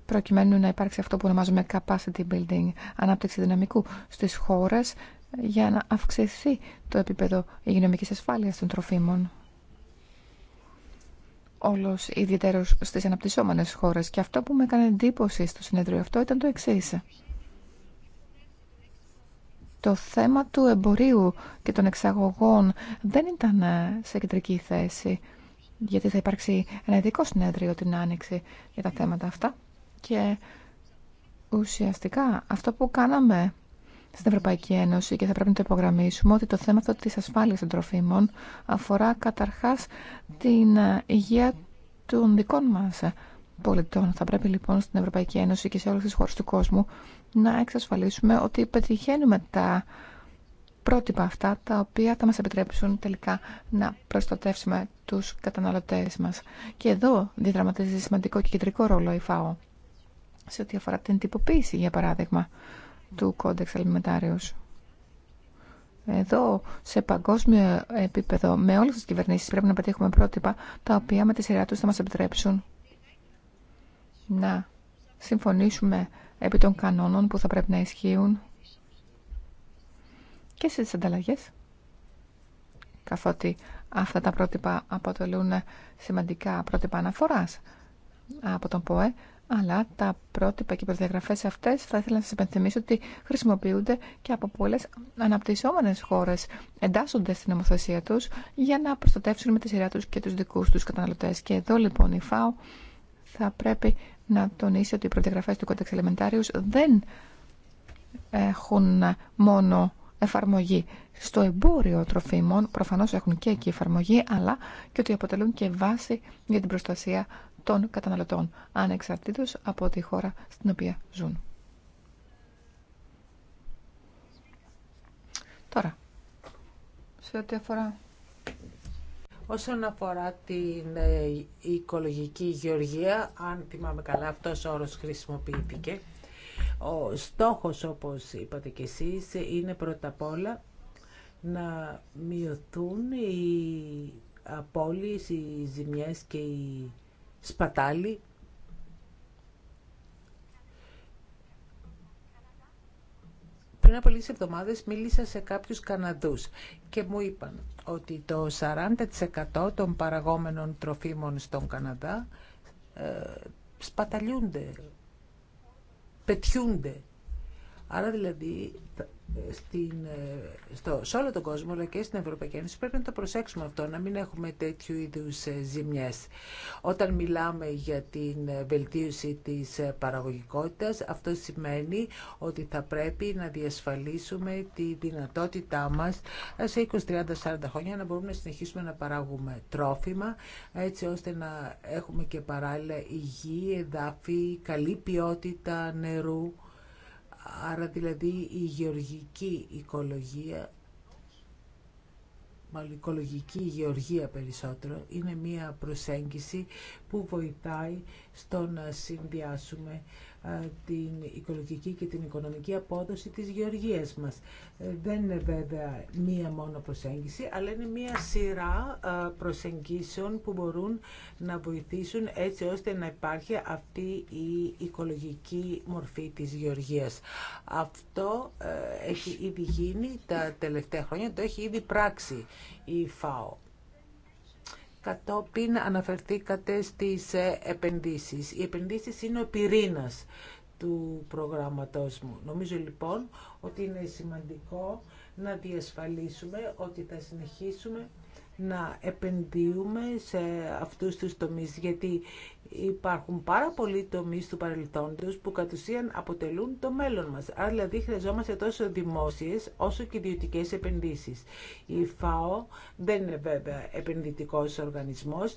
προκειμένου να υπάρξει αυτό που ονομάζουμε capacity building, ανάπτυξη δυναμικού στις χώρες για να αυξηθεί το επίπεδο υγειονομικής ασφάλειας των τροφίμων. Όλος ιδιαίτερος στις αναπτυσσόμενες χώρες. Και αυτό που με έκανε εντύπωση στο συνέδριο αυτό ήταν το εξής το θέμα του εμπορίου και των εξαγωγών δεν ήταν ε, σε κεντρική θέση γιατί θα υπάρξει ένα ειδικό συνέδριο την Άνοιξη για τα θέματα αυτά και ουσιαστικά αυτό που κάναμε στην Ευρωπαϊκή Ένωση και θα πρέπει να το υπογραμμίσουμε ότι το θέμα αυτό της ασφάλειας των τροφίμων αφορά καταρχάς την ε, υγεία των δικών μας ε, πολιτών. Θα πρέπει λοιπόν στην Ευρωπαϊκή Ένωση και σε όλες τις χώρες του κόσμου να εξασφαλίσουμε ότι πετυχαίνουμε τα πρότυπα αυτά τα οποία θα μας επιτρέψουν τελικά να προστατεύσουμε τους καταναλωτές μας. Και εδώ διαδραματίζει σημαντικό και κεντρικό ρόλο η ΦΑΟ σε ό,τι αφορά την τυποποίηση, για παράδειγμα, του κόντεξ αλμιμετάριους. Εδώ, σε παγκόσμιο επίπεδο, με όλες τις κυβερνήσεις πρέπει να πετύχουμε πρότυπα τα οποία με τη σειρά τους θα μας επιτρέψουν να συμφωνήσουμε επί των κανόνων που θα πρέπει να ισχύουν και στις ανταλλαγές, καθότι αυτά τα πρότυπα αποτελούν σημαντικά πρότυπα αναφοράς από τον ΠΟΕ, αλλά τα πρότυπα και οι προδιαγραφές αυτές θα ήθελα να σας υπενθυμίσω ότι χρησιμοποιούνται και από πολλές αναπτυσσόμενες χώρες εντάσσονται στην νομοθεσία τους για να προστατεύσουν με τη σειρά τους και τους δικούς τους καταναλωτές. Και εδώ λοιπόν η ΦΑΟ θα πρέπει να τονίσει ότι οι προδιαγραφές του Κόντεξ Elementarius δεν έχουν μόνο εφαρμογή στο εμπόριο τροφίμων, προφανώς έχουν και εκεί εφαρμογή, αλλά και ότι αποτελούν και βάση για την προστασία των καταναλωτών, ανεξαρτήτως από τη χώρα στην οποία ζουν. Τώρα, σε ό,τι αφορά Όσον αφορά την ε, οικολογική γεωργία, αν θυμάμαι καλά αυτός ο όρος χρησιμοποιήθηκε, ο στόχος όπως είπατε και εσείς είναι πρώτα απ' όλα να μειωθούν οι απώλειες, οι ζημιές και οι σπατάλοι Πριν από λίγες εβδομάδες μίλησα σε κάποιους Καναδούς και μου είπαν ότι το 40% των παραγόμενων τροφίμων στον Καναδά ε, σπαταλιούνται, πετιούνται Άρα δηλαδή ε, στην, ε, στο, σε όλο τον κόσμο αλλά και στην Ευρωπαϊκή Ένωση πρέπει να το προσέξουμε αυτό, να μην έχουμε τέτοιου είδους ε, ζημιές. Όταν μιλάμε για την βελτίωση της παραγωγικότητας, αυτό σημαίνει ότι θα πρέπει να διασφαλίσουμε τη δυνατότητά μας σε 20, 30, 40 χρόνια να μπορούμε να συνεχίσουμε να παράγουμε τρόφιμα έτσι ώστε να έχουμε και παράλληλα υγιή, εδάφη, καλή ποιότητα νερού. Άρα δηλαδή η γεωργική οικολογία, μάλλον η γεωργία περισσότερο, είναι μία προσέγγιση που βοηθάει στο να συνδυάσουμε ε, την οικολογική και την οικονομική απόδοση της γεωργίας μας. Ε, δεν είναι βέβαια μία μόνο προσέγγιση, αλλά είναι μία σειρά ε, προσεγγίσεων που μπορούν να βοηθήσουν έτσι ώστε να υπάρχει αυτή η οικολογική μορφή της γεωργίας. Αυτό έχει ήδη γίνει τα τελευταία χρόνια, το έχει ήδη πράξει η ΦΑΟ. Κατόπιν αναφερθήκατε στις ε, επενδύσεις. Οι επενδύσεις είναι ο πυρήνας του προγράμματός μου. Νομίζω λοιπόν ότι είναι σημαντικό να διασφαλίσουμε ότι θα συνεχίσουμε να επενδύουμε σε αυτούς τους τομείς, γιατί υπάρχουν πάρα πολλοί τομείς του παρελθόντος που κατ' ουσίαν αποτελούν το μέλλον μας. Άρα δηλαδή χρειαζόμαστε τόσο δημόσιες όσο και ιδιωτικέ επενδύσεις. Η ΦΑΟ δεν είναι βέβαια επενδυτικός οργανισμός,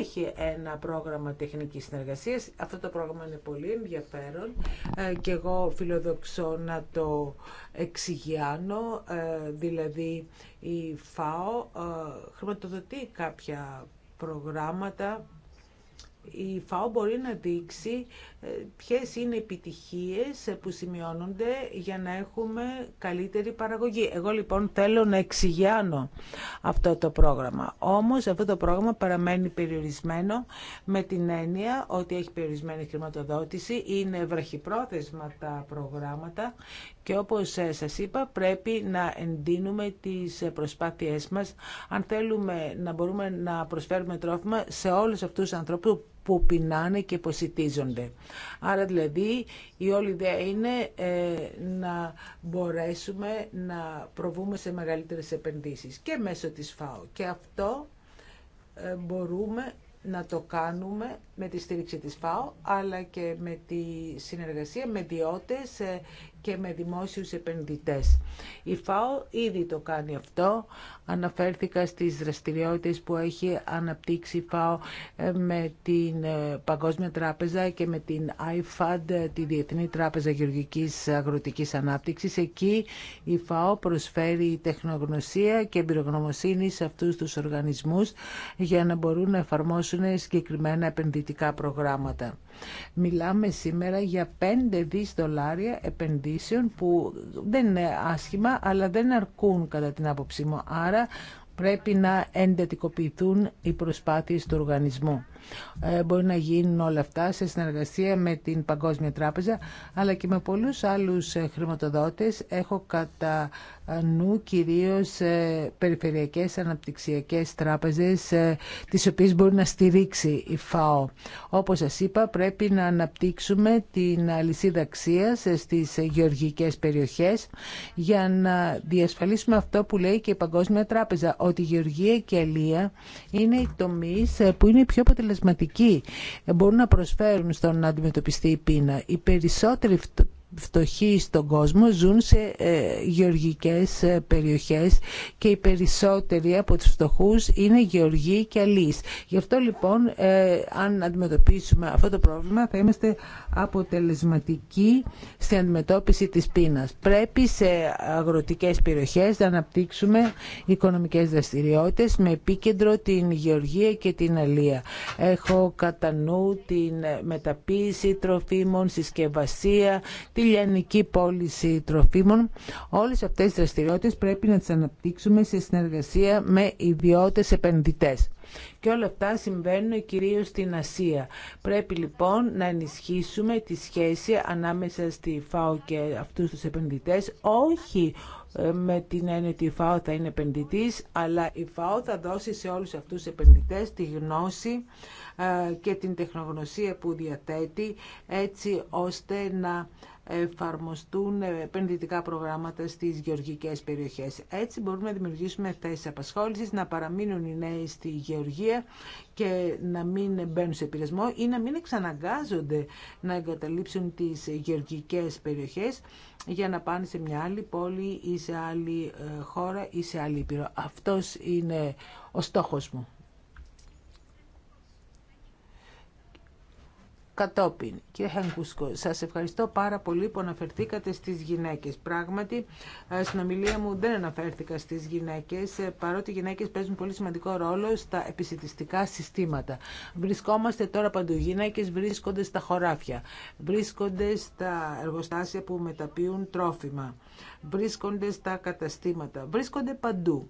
έχει ένα πρόγραμμα τεχνικής συνεργασίας, αυτό το πρόγραμμα είναι πολύ ενδιαφέρον ε, και εγώ φιλοδοξώ να το ε, δηλαδή η ΦΑΟ ε, χρηματοδοτεί κάποια προγράμματα. Η ΦΑΟ μπορεί να δείξει ε, ποιες είναι οι επιτυχίες ε, που σημειώνονται για να έχουμε καλύτερη παραγωγή. Εγώ λοιπόν θέλω να εξηγιάνω αυτό το πρόγραμμα. Όμως αυτό το πρόγραμμα παραμένει περιορισμένο με την έννοια ότι έχει περιορισμένη χρηματοδότηση, είναι βραχυπρόθεσμα τα προγράμματα και όπως ε, σας είπα πρέπει να εντείνουμε τις προσπάθειές μας αν θέλουμε να μπορούμε να προσφέρουμε τρόφιμα σε όλους αυτούς τους ανθρώπους που πεινάνε και ποσιτίζονται. Άρα δηλαδή η όλη ιδέα είναι ε, να μπορέσουμε να προβούμε σε μεγαλύτερες επενδύσεις και μέσω της ΦΑΟ. Και αυτό ε, μπορούμε να το κάνουμε με τη στήριξη της ΦΑΟ αλλά και με τη συνεργασία με διώτες ε, και με δημόσιους επενδυτές. Η ΦΑΟ ήδη το κάνει αυτό. Αναφέρθηκα στις δραστηριότητες που έχει αναπτύξει η ΦΑΟ ε, με την ε, Παγκόσμια Τράπεζα και με την IFAD, ε, τη Διεθνή Τράπεζα Γεωργικής Αγροτικής Ανάπτυξης. Εκεί η ΦΑΟ προσφέρει τεχνογνωσία και εμπειρογνωμοσύνη σε αυτούς τους οργανισμούς για να μπορούν να εφαρμόσουν συγκεκριμένα επενδυτικά προγράμματα. Μιλάμε σήμερα για 5 δις δολάρια επενδύσεων που δεν είναι άσχημα αλλά δεν αρκούν κατά την άποψή μου. Άρα πρέπει να εντατικοποιηθούν οι προσπάθειες του οργανισμού. Ε, μπορεί να γίνουν όλα αυτά σε συνεργασία με την Παγκόσμια Τράπεζα, αλλά και με πολλούς άλλους ε, χρηματοδότες. Έχω κατά νου κυρίως ε, περιφερειακές αναπτυξιακές τράπεζες, τις οποίες μπορεί να στηρίξει η ΦΑΟ. Όπως σας είπα, πρέπει να αναπτύξουμε την αλυσίδα αξίας στις γεωργικές περιοχές για να διασφαλίσουμε αυτό που λέει και η Παγκόσμια Τράπεζα, ότι η γεωργία και η αλία είναι οι τομείς που είναι οι πιο αποτελεσματικές αποτελεσματικοί μπορούν να προσφέρουν στο να αντιμετωπιστεί η πείνα. Οι περισσότεροι φτωχοί στον κόσμο ζουν σε ε, γεωργικές ε, περιοχές και οι περισσότεροι από τους φτωχούς είναι γεωργοί και αλείς. Γι' αυτό λοιπόν ε, αν αντιμετωπίσουμε αυτό το πρόβλημα θα είμαστε αποτελεσματικοί στην αντιμετώπιση της πείνας. Πρέπει σε αγροτικές περιοχές να αναπτύξουμε οικονομικές δραστηριότητες με επίκεντρο την γεωργία και την αλεία. Έχω κατά την μεταποίηση τροφίμων, συσκευασία, τη χιλιανική πώληση τροφίμων. Όλες αυτές τις δραστηριότητες πρέπει να τις αναπτύξουμε σε συνεργασία με ιδιώτες επενδυτές. Και όλα αυτά συμβαίνουν κυρίως στην Ασία. Πρέπει λοιπόν να ενισχύσουμε τη σχέση ανάμεσα στη ΦΑΟ και αυτούς τους επενδυτές, όχι ε, με την έννοια ότι η ΦΑΟ θα είναι επενδυτής, αλλά η ΦΑΟ θα δώσει σε όλους αυτούς τους επενδυτές τη γνώση ε, και την τεχνογνωσία που διαθέτει, έτσι ώστε να εφαρμοστούν επενδυτικά προγράμματα στις γεωργικές περιοχές. Έτσι μπορούμε να δημιουργήσουμε θέσεις απασχόλησης, να παραμείνουν οι νέοι στη γεωργία και να μην μπαίνουν σε πειρασμό ή να μην εξαναγκάζονται να εγκαταλείψουν τις γεωργικές περιοχές για να πάνε σε μια άλλη πόλη ή σε άλλη ε, χώρα ή σε άλλη πυρο. Αυτός είναι ο στόχος μου. κατόπιν. Κύριε Χαγκούσκο, σας ευχαριστώ πάρα πολύ που αναφερθήκατε στις γυναίκες. Πράγματι, ε, στην ομιλία μου δεν αναφέρθηκα στις γυναίκες, ε, παρότι οι γυναίκες παίζουν πολύ σημαντικό ρόλο στα επισητιστικά συστήματα. Βρισκόμαστε τώρα παντού. Οι γυναίκες βρίσκονται στα χωράφια, βρίσκονται στα εργοστάσια που μεταποιούν τρόφιμα, βρίσκονται στα καταστήματα, βρίσκονται παντού.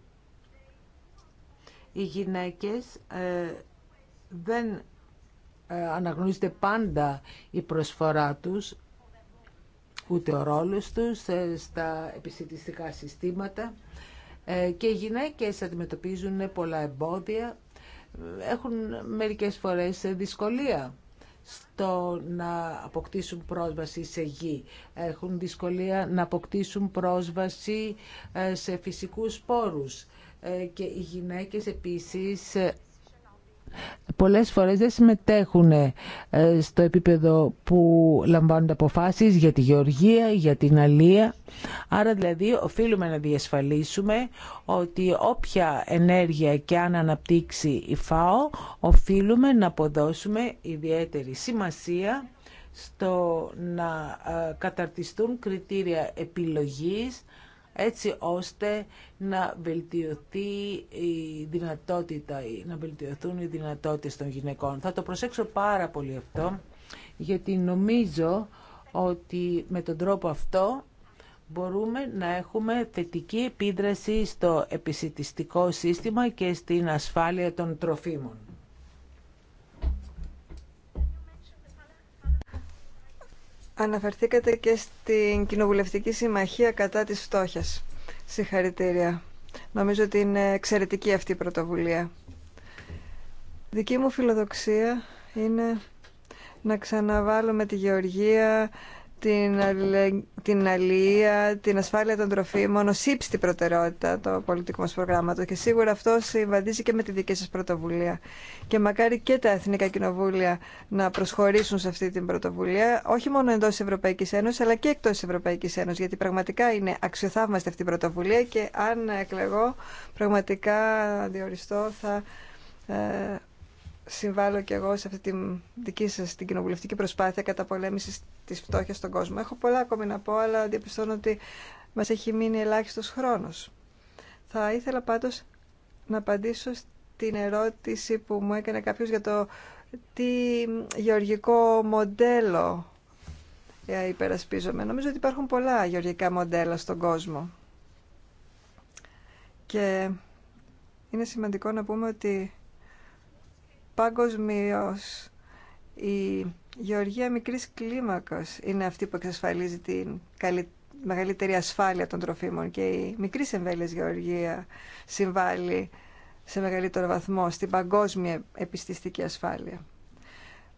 Οι γυναίκες ε, δεν ε, αναγνωρίζεται πάντα η προσφορά τους, ούτε ο ρόλος τους ε, στα επιστημιστικά συστήματα ε, και οι γυναίκες αντιμετωπίζουν πολλά εμπόδια, έχουν μερικές φορές δυσκολία στο να αποκτήσουν πρόσβαση σε γη. Έχουν δυσκολία να αποκτήσουν πρόσβαση σε φυσικούς πόρους. Και οι γυναίκες επίσης πολλές φορές δεν συμμετέχουν ε, στο επίπεδο που λαμβάνονται αποφάσεις για τη γεωργία, για την αλία. Άρα δηλαδή οφείλουμε να διασφαλίσουμε ότι όποια ενέργεια και αν αναπτύξει η ΦΑΟ οφείλουμε να αποδώσουμε ιδιαίτερη σημασία στο να ε, καταρτιστούν κριτήρια επιλογής έτσι ώστε να βελτιωθεί η δυνατότητα, να βελτιωθούν οι δυνατότητες των γυναικών. Θα το προσέξω πάρα πολύ αυτό, γιατί νομίζω ότι με τον τρόπο αυτό μπορούμε να έχουμε θετική επίδραση στο επισητιστικό σύστημα και στην ασφάλεια των τροφίμων. Αναφερθήκατε και στην Κοινοβουλευτική Συμμαχία κατά της φτώχειας. Συγχαρητήρια. Νομίζω ότι είναι εξαιρετική αυτή η πρωτοβουλία. Δική μου φιλοδοξία είναι να ξαναβάλουμε τη γεωργία, την, την αλληλεία, την ασφάλεια των τροφίμων ως ύψιστη προτεραιότητα το πολιτικό μας προγράμματο και σίγουρα αυτό συμβαδίζει και με τη δική σας πρωτοβουλία. Και μακάρι και τα Εθνικά Κοινοβούλια να προσχωρήσουν σε αυτή την πρωτοβουλία, όχι μόνο εντός Ευρωπαϊκής Ένωσης, αλλά και εκτός Ευρωπαϊκής Ένωσης, γιατί πραγματικά είναι αξιοθαύμαστη αυτή η πρωτοβουλία και αν εκλεγώ πραγματικά διοριστώ θα... Ε, συμβάλλω και εγώ σε αυτή τη δική σας την κοινοβουλευτική προσπάθεια κατά πολέμηση της φτώχειας στον κόσμο. Έχω πολλά ακόμη να πω, αλλά διαπιστώνω ότι μας έχει μείνει ελάχιστος χρόνος. Θα ήθελα πάντως να απαντήσω στην ερώτηση που μου έκανε κάποιος για το τι γεωργικό μοντέλο ε, υπερασπίζομαι. Νομίζω ότι υπάρχουν πολλά γεωργικά μοντέλα στον κόσμο. Και είναι σημαντικό να πούμε ότι Παγκοσμίω η γεωργία μικρής κλίμακας είναι αυτή που εξασφαλίζει την μεγαλύτερη ασφάλεια των τροφίμων και η μικρή εμβέλεια γεωργία συμβάλλει σε μεγαλύτερο βαθμό στην παγκόσμια επιστηστική ασφάλεια.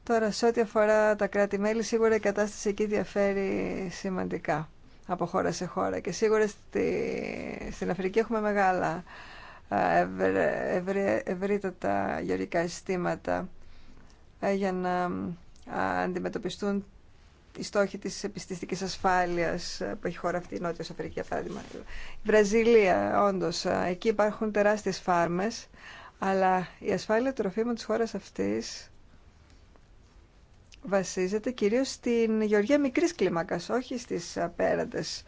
Τώρα, σε ό,τι αφορά τα κράτη-μέλη, σίγουρα η κατάσταση εκεί διαφέρει σημαντικά από χώρα σε χώρα και σίγουρα στη... στην Αφρική έχουμε μεγάλα ευρύτατα γεωργικά συστήματα ε, για να αντιμετωπιστούν οι στόχοι της επιστηστικής ασφάλειας ε, που έχει χώρα αυτή η Νότια Αφρική, παράδειγμα. Η Βραζιλία, όντως, ε, εκεί υπάρχουν τεράστιες φάρμες, αλλά η ασφάλεια τροφίμων της χώρας αυτής βασίζεται κυρίως στην γεωργία μικρής κλίμακας, όχι στις απέραντες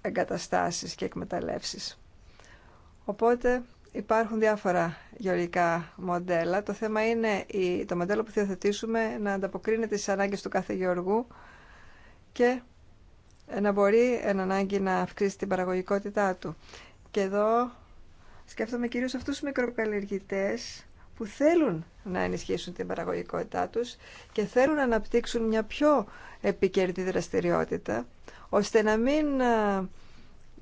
εγκαταστάσεις και εκμεταλλεύσεις. Οπότε υπάρχουν διάφορα γεωργικά μοντέλα. Το θέμα είναι το μοντέλο που θεωθετήσουμε να ανταποκρίνεται στις ανάγκες του κάθε γεωργού και να μπορεί εν ανάγκη να αυξήσει την παραγωγικότητά του. Και εδώ σκέφτομαι κυρίως αυτούς τους μικροκαλλιεργητές που θέλουν να ενισχύσουν την παραγωγικότητά τους και θέλουν να αναπτύξουν μια πιο επικερδή δραστηριότητα, ώστε να μην ε,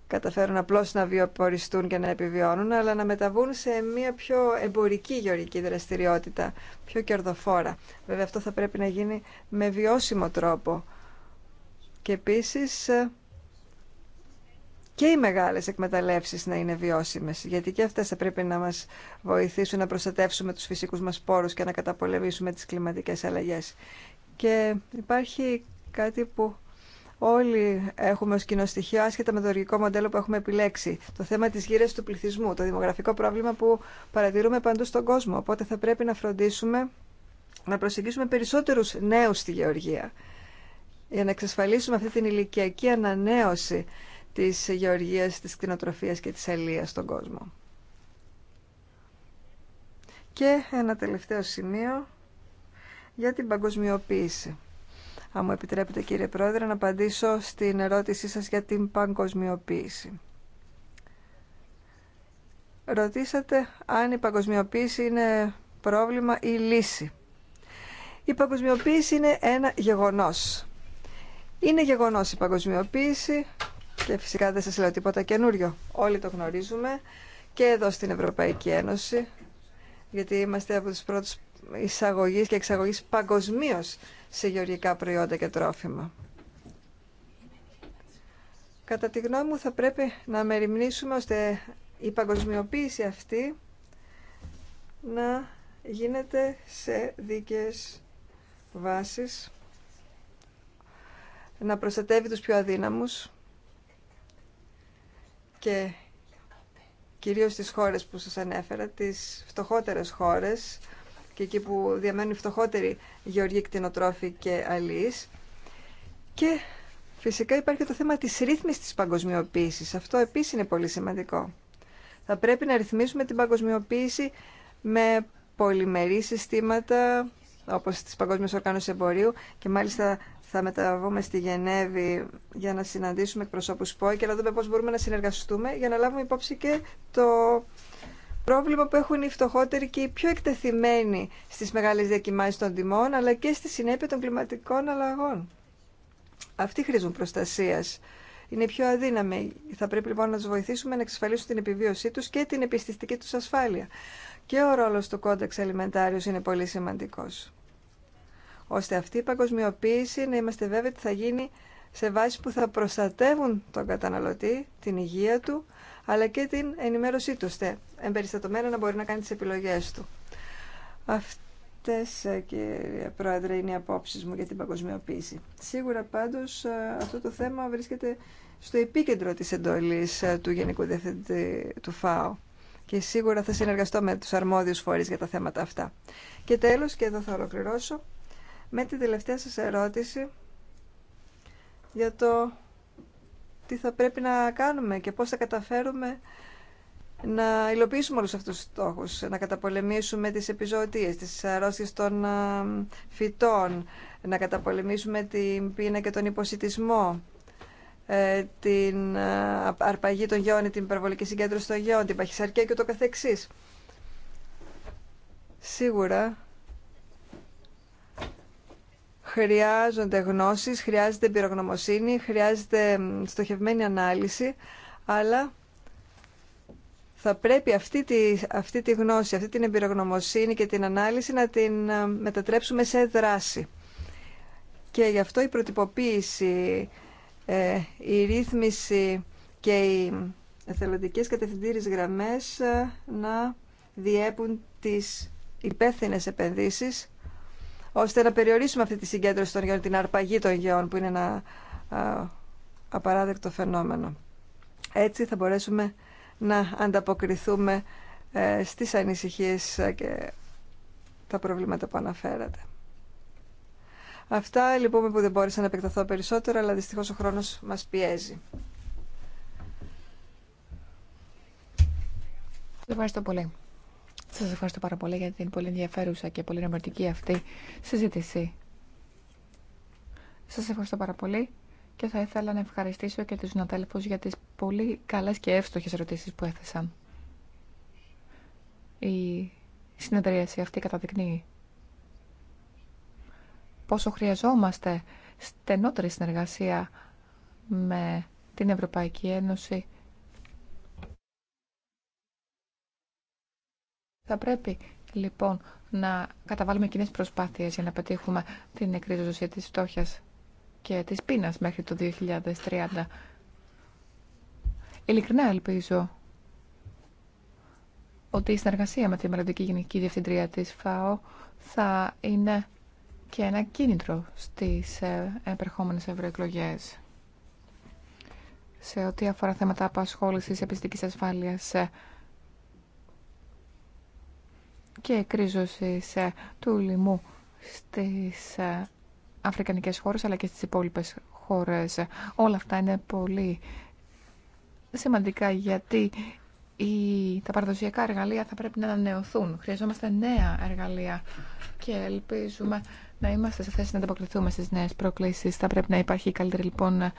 καταφέρουν απλώς να βιοποριστούν και να επιβιώνουν, αλλά να μεταβούν σε μια πιο εμπορική γεωργική δραστηριότητα, πιο κερδοφόρα. Βέβαια αυτό θα πρέπει να γίνει με βιώσιμο τρόπο. Και επίσης και οι μεγάλες εκμεταλλεύσεις να είναι βιώσιμες, γιατί και αυτές θα πρέπει να μας βοηθήσουν να προστατεύσουμε τους φυσικούς μας πόρους και να καταπολεμήσουμε τις κλιματικές αλλαγές. Και υπάρχει κάτι που Όλοι έχουμε ως κοινό στοιχείο, άσχετα με το οργικό μοντέλο που έχουμε επιλέξει, το θέμα της γύρεσης του πληθυσμού, το δημογραφικό πρόβλημα που παρατηρούμε παντού στον κόσμο. Οπότε θα πρέπει να φροντίσουμε να προσεγγίσουμε περισσότερους νέους στη γεωργία για να εξασφαλίσουμε αυτή την ηλικιακή ανανέωση της γεωργίας, της κτηνοτροφίας και της αλίας στον κόσμο. Και ένα τελευταίο σημείο για την παγκοσμιοποίηση αν μου επιτρέπετε κύριε Πρόεδρε, να απαντήσω στην ερώτησή σας για την παγκοσμιοποίηση. Ρωτήσατε αν η παγκοσμιοποίηση είναι πρόβλημα ή λύση. Η παγκοσμιοποίηση είναι ένα γεγονός. Είναι γεγονός η παγκοσμιοποίηση και φυσικά δεν σας λέω τίποτα καινούριο. Όλοι το γνωρίζουμε και εδώ στην Ευρωπαϊκή Ένωση, γιατί είμαστε από τους πρώτους εισαγωγής και εξαγωγής παγκοσμίω σε γεωργικά προϊόντα και τρόφιμα. Κατά τη γνώμη μου θα πρέπει να μεριμνήσουμε ώστε η παγκοσμιοποίηση αυτή να γίνεται σε δίκαιες βάσεις, να προστατεύει τους πιο αδύναμους και κυρίως τις χώρες που σας ανέφερα, τις φτωχότερες χώρες, και εκεί που διαμένουν οι φτωχότεροι γεωργοί κτηνοτρόφοι και αλείς. Και φυσικά υπάρχει το θέμα της ρύθμισης της παγκοσμιοποίησης. Αυτό επίσης είναι πολύ σημαντικό. Θα πρέπει να ρυθμίσουμε την παγκοσμιοποίηση με πολυμερή συστήματα όπως τη Παγκόσμια Οργάνωσης Εμπορίου και μάλιστα θα μεταβούμε στη Γενέβη για να συναντήσουμε εκπροσώπους ΠΟΕ και να δούμε πώς μπορούμε να συνεργαστούμε για να λάβουμε υπόψη και το πρόβλημα που έχουν οι φτωχότεροι και οι πιο εκτεθειμένοι στι μεγάλε διακοιμάνσει των τιμών, αλλά και στη συνέπεια των κλιματικών αλλαγών. Αυτοί χρήζουν προστασία. Είναι πιο αδύναμοι. Θα πρέπει λοιπόν να του βοηθήσουμε να εξασφαλίσουν την επιβίωσή του και την επιστηστική του ασφάλεια. Και ο ρόλο του κόντεξ αλιμεντάριο είναι πολύ σημαντικό. Ώστε αυτή η παγκοσμιοποίηση να είμαστε βέβαιοι ότι θα γίνει σε βάση που θα προστατεύουν τον καταναλωτή, την υγεία του, αλλά και την ενημέρωσή του, ώστε εμπεριστατωμένα να μπορεί να κάνει τις επιλογές του. Αυτές, ε, κύριε Πρόεδρε, είναι οι απόψεις μου για την παγκοσμιοποίηση. Σίγουρα πάντως ε, αυτό το θέμα βρίσκεται στο επίκεντρο της εντολής ε, του Γενικού Διευθυντή του ΦΑΟ και σίγουρα θα συνεργαστώ με τους αρμόδιους φορείς για τα θέματα αυτά. Και τέλος, και εδώ θα ολοκληρώσω, με την τελευταία σας ερώτηση για το τι θα πρέπει να κάνουμε και πώς θα καταφέρουμε να υλοποιήσουμε όλους αυτούς τους στόχους, να καταπολεμήσουμε τις επιζωτίες, τις αρρώστιες των φυτών, να καταπολεμήσουμε την πείνα και τον υποσυτισμό, ε, την αρπαγή των γεών την υπερβολική συγκέντρωση των γεών, την παχυσαρκία και το καθεξής. Σίγουρα χρειάζονται γνώσεις, χρειάζεται εμπειρογνωμοσύνη, χρειάζεται στοχευμένη ανάλυση, αλλά θα πρέπει αυτή τη, αυτή τη γνώση, αυτή την εμπειρογνωμοσύνη και την ανάλυση να την ε, μετατρέψουμε σε δράση. Και γι' αυτό η προτυποποίηση, ε, η ρύθμιση και οι εθελοντικές κατευθυντήρες γραμμές ε, να διέπουν τις υπεύθυνες επενδύσεις ώστε να περιορίσουμε αυτή τη συγκέντρωση των γεών, την αρπαγή των γεών που είναι ένα απαράδεκτο φαινόμενο. Έτσι θα μπορέσουμε να ανταποκριθούμε ε, στις ανησυχίες ε, και τα προβλήματα που αναφέρατε. Αυτά λυπούμε λοιπόν, που δεν μπόρεσα να επεκταθώ περισσότερο, αλλά δυστυχώς ο χρόνος μας πιέζει. Ευχαριστώ πολύ. Σας ευχαριστώ πάρα πολύ για την πολύ ενδιαφέρουσα και πολύ νομιωτική αυτή συζήτηση. Σας ευχαριστώ πάρα πολύ και θα ήθελα να ευχαριστήσω και του συναδέλφους για τις πολύ καλές και εύστοχε ερωτήσει που έθεσαν. Η συνεδρίαση αυτή καταδεικνύει πόσο χρειαζόμαστε στενότερη συνεργασία με την Ευρωπαϊκή Ένωση Θα πρέπει λοιπόν να καταβάλουμε κοινέ προσπάθειες για να πετύχουμε την εκρίζωση της φτώχειας και της πείνας μέχρι το 2030. Ειλικρινά ελπίζω ότι η συνεργασία με τη Μελλοντική Γενική Διευθυντρία της ΦΑΟ θα είναι και ένα κίνητρο στις ε, επερχόμενες ευρωεκλογέ. Σε ό,τι αφορά θέματα απασχόλησης, επιστικής ασφάλειας, ε, και κρίζωσης ε, του λοιμού στις ε, αφρικανικές χώρες αλλά και στις υπόλοιπες χώρες. Όλα αυτά είναι πολύ σημαντικά γιατί οι, τα παραδοσιακά εργαλεία θα πρέπει να ανανεωθούν. Χρειαζόμαστε νέα εργαλεία και ελπίζουμε να είμαστε σε θέση να ανταποκριθούμε στις νέες προκλήσεις. Θα πρέπει να υπάρχει καλύτερη λοιπόν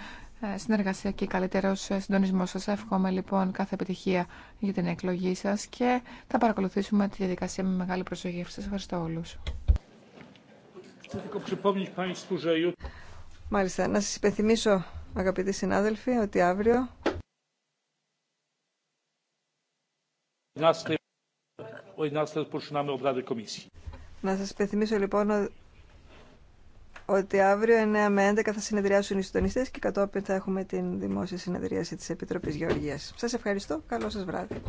συνεργασία και καλύτερο συντονισμό σα. Εύχομαι λοιπόν κάθε επιτυχία για την εκλογή σα και θα παρακολουθήσουμε τη διαδικασία με μεγάλη προσοχή. Σα ευχαριστώ όλου. Μάλιστα, να σας υπενθυμίσω αγαπητοί συνάδελφοι ότι αύριο Να σας υπενθυμίσω λοιπόν ότι αύριο 9 με 11 θα συνεδριάσουν οι συντονιστέ και κατόπιν θα έχουμε την δημόσια συνεδρίαση τη Επιτροπή Γεωργία. Σα ευχαριστώ. Καλό σα βράδυ.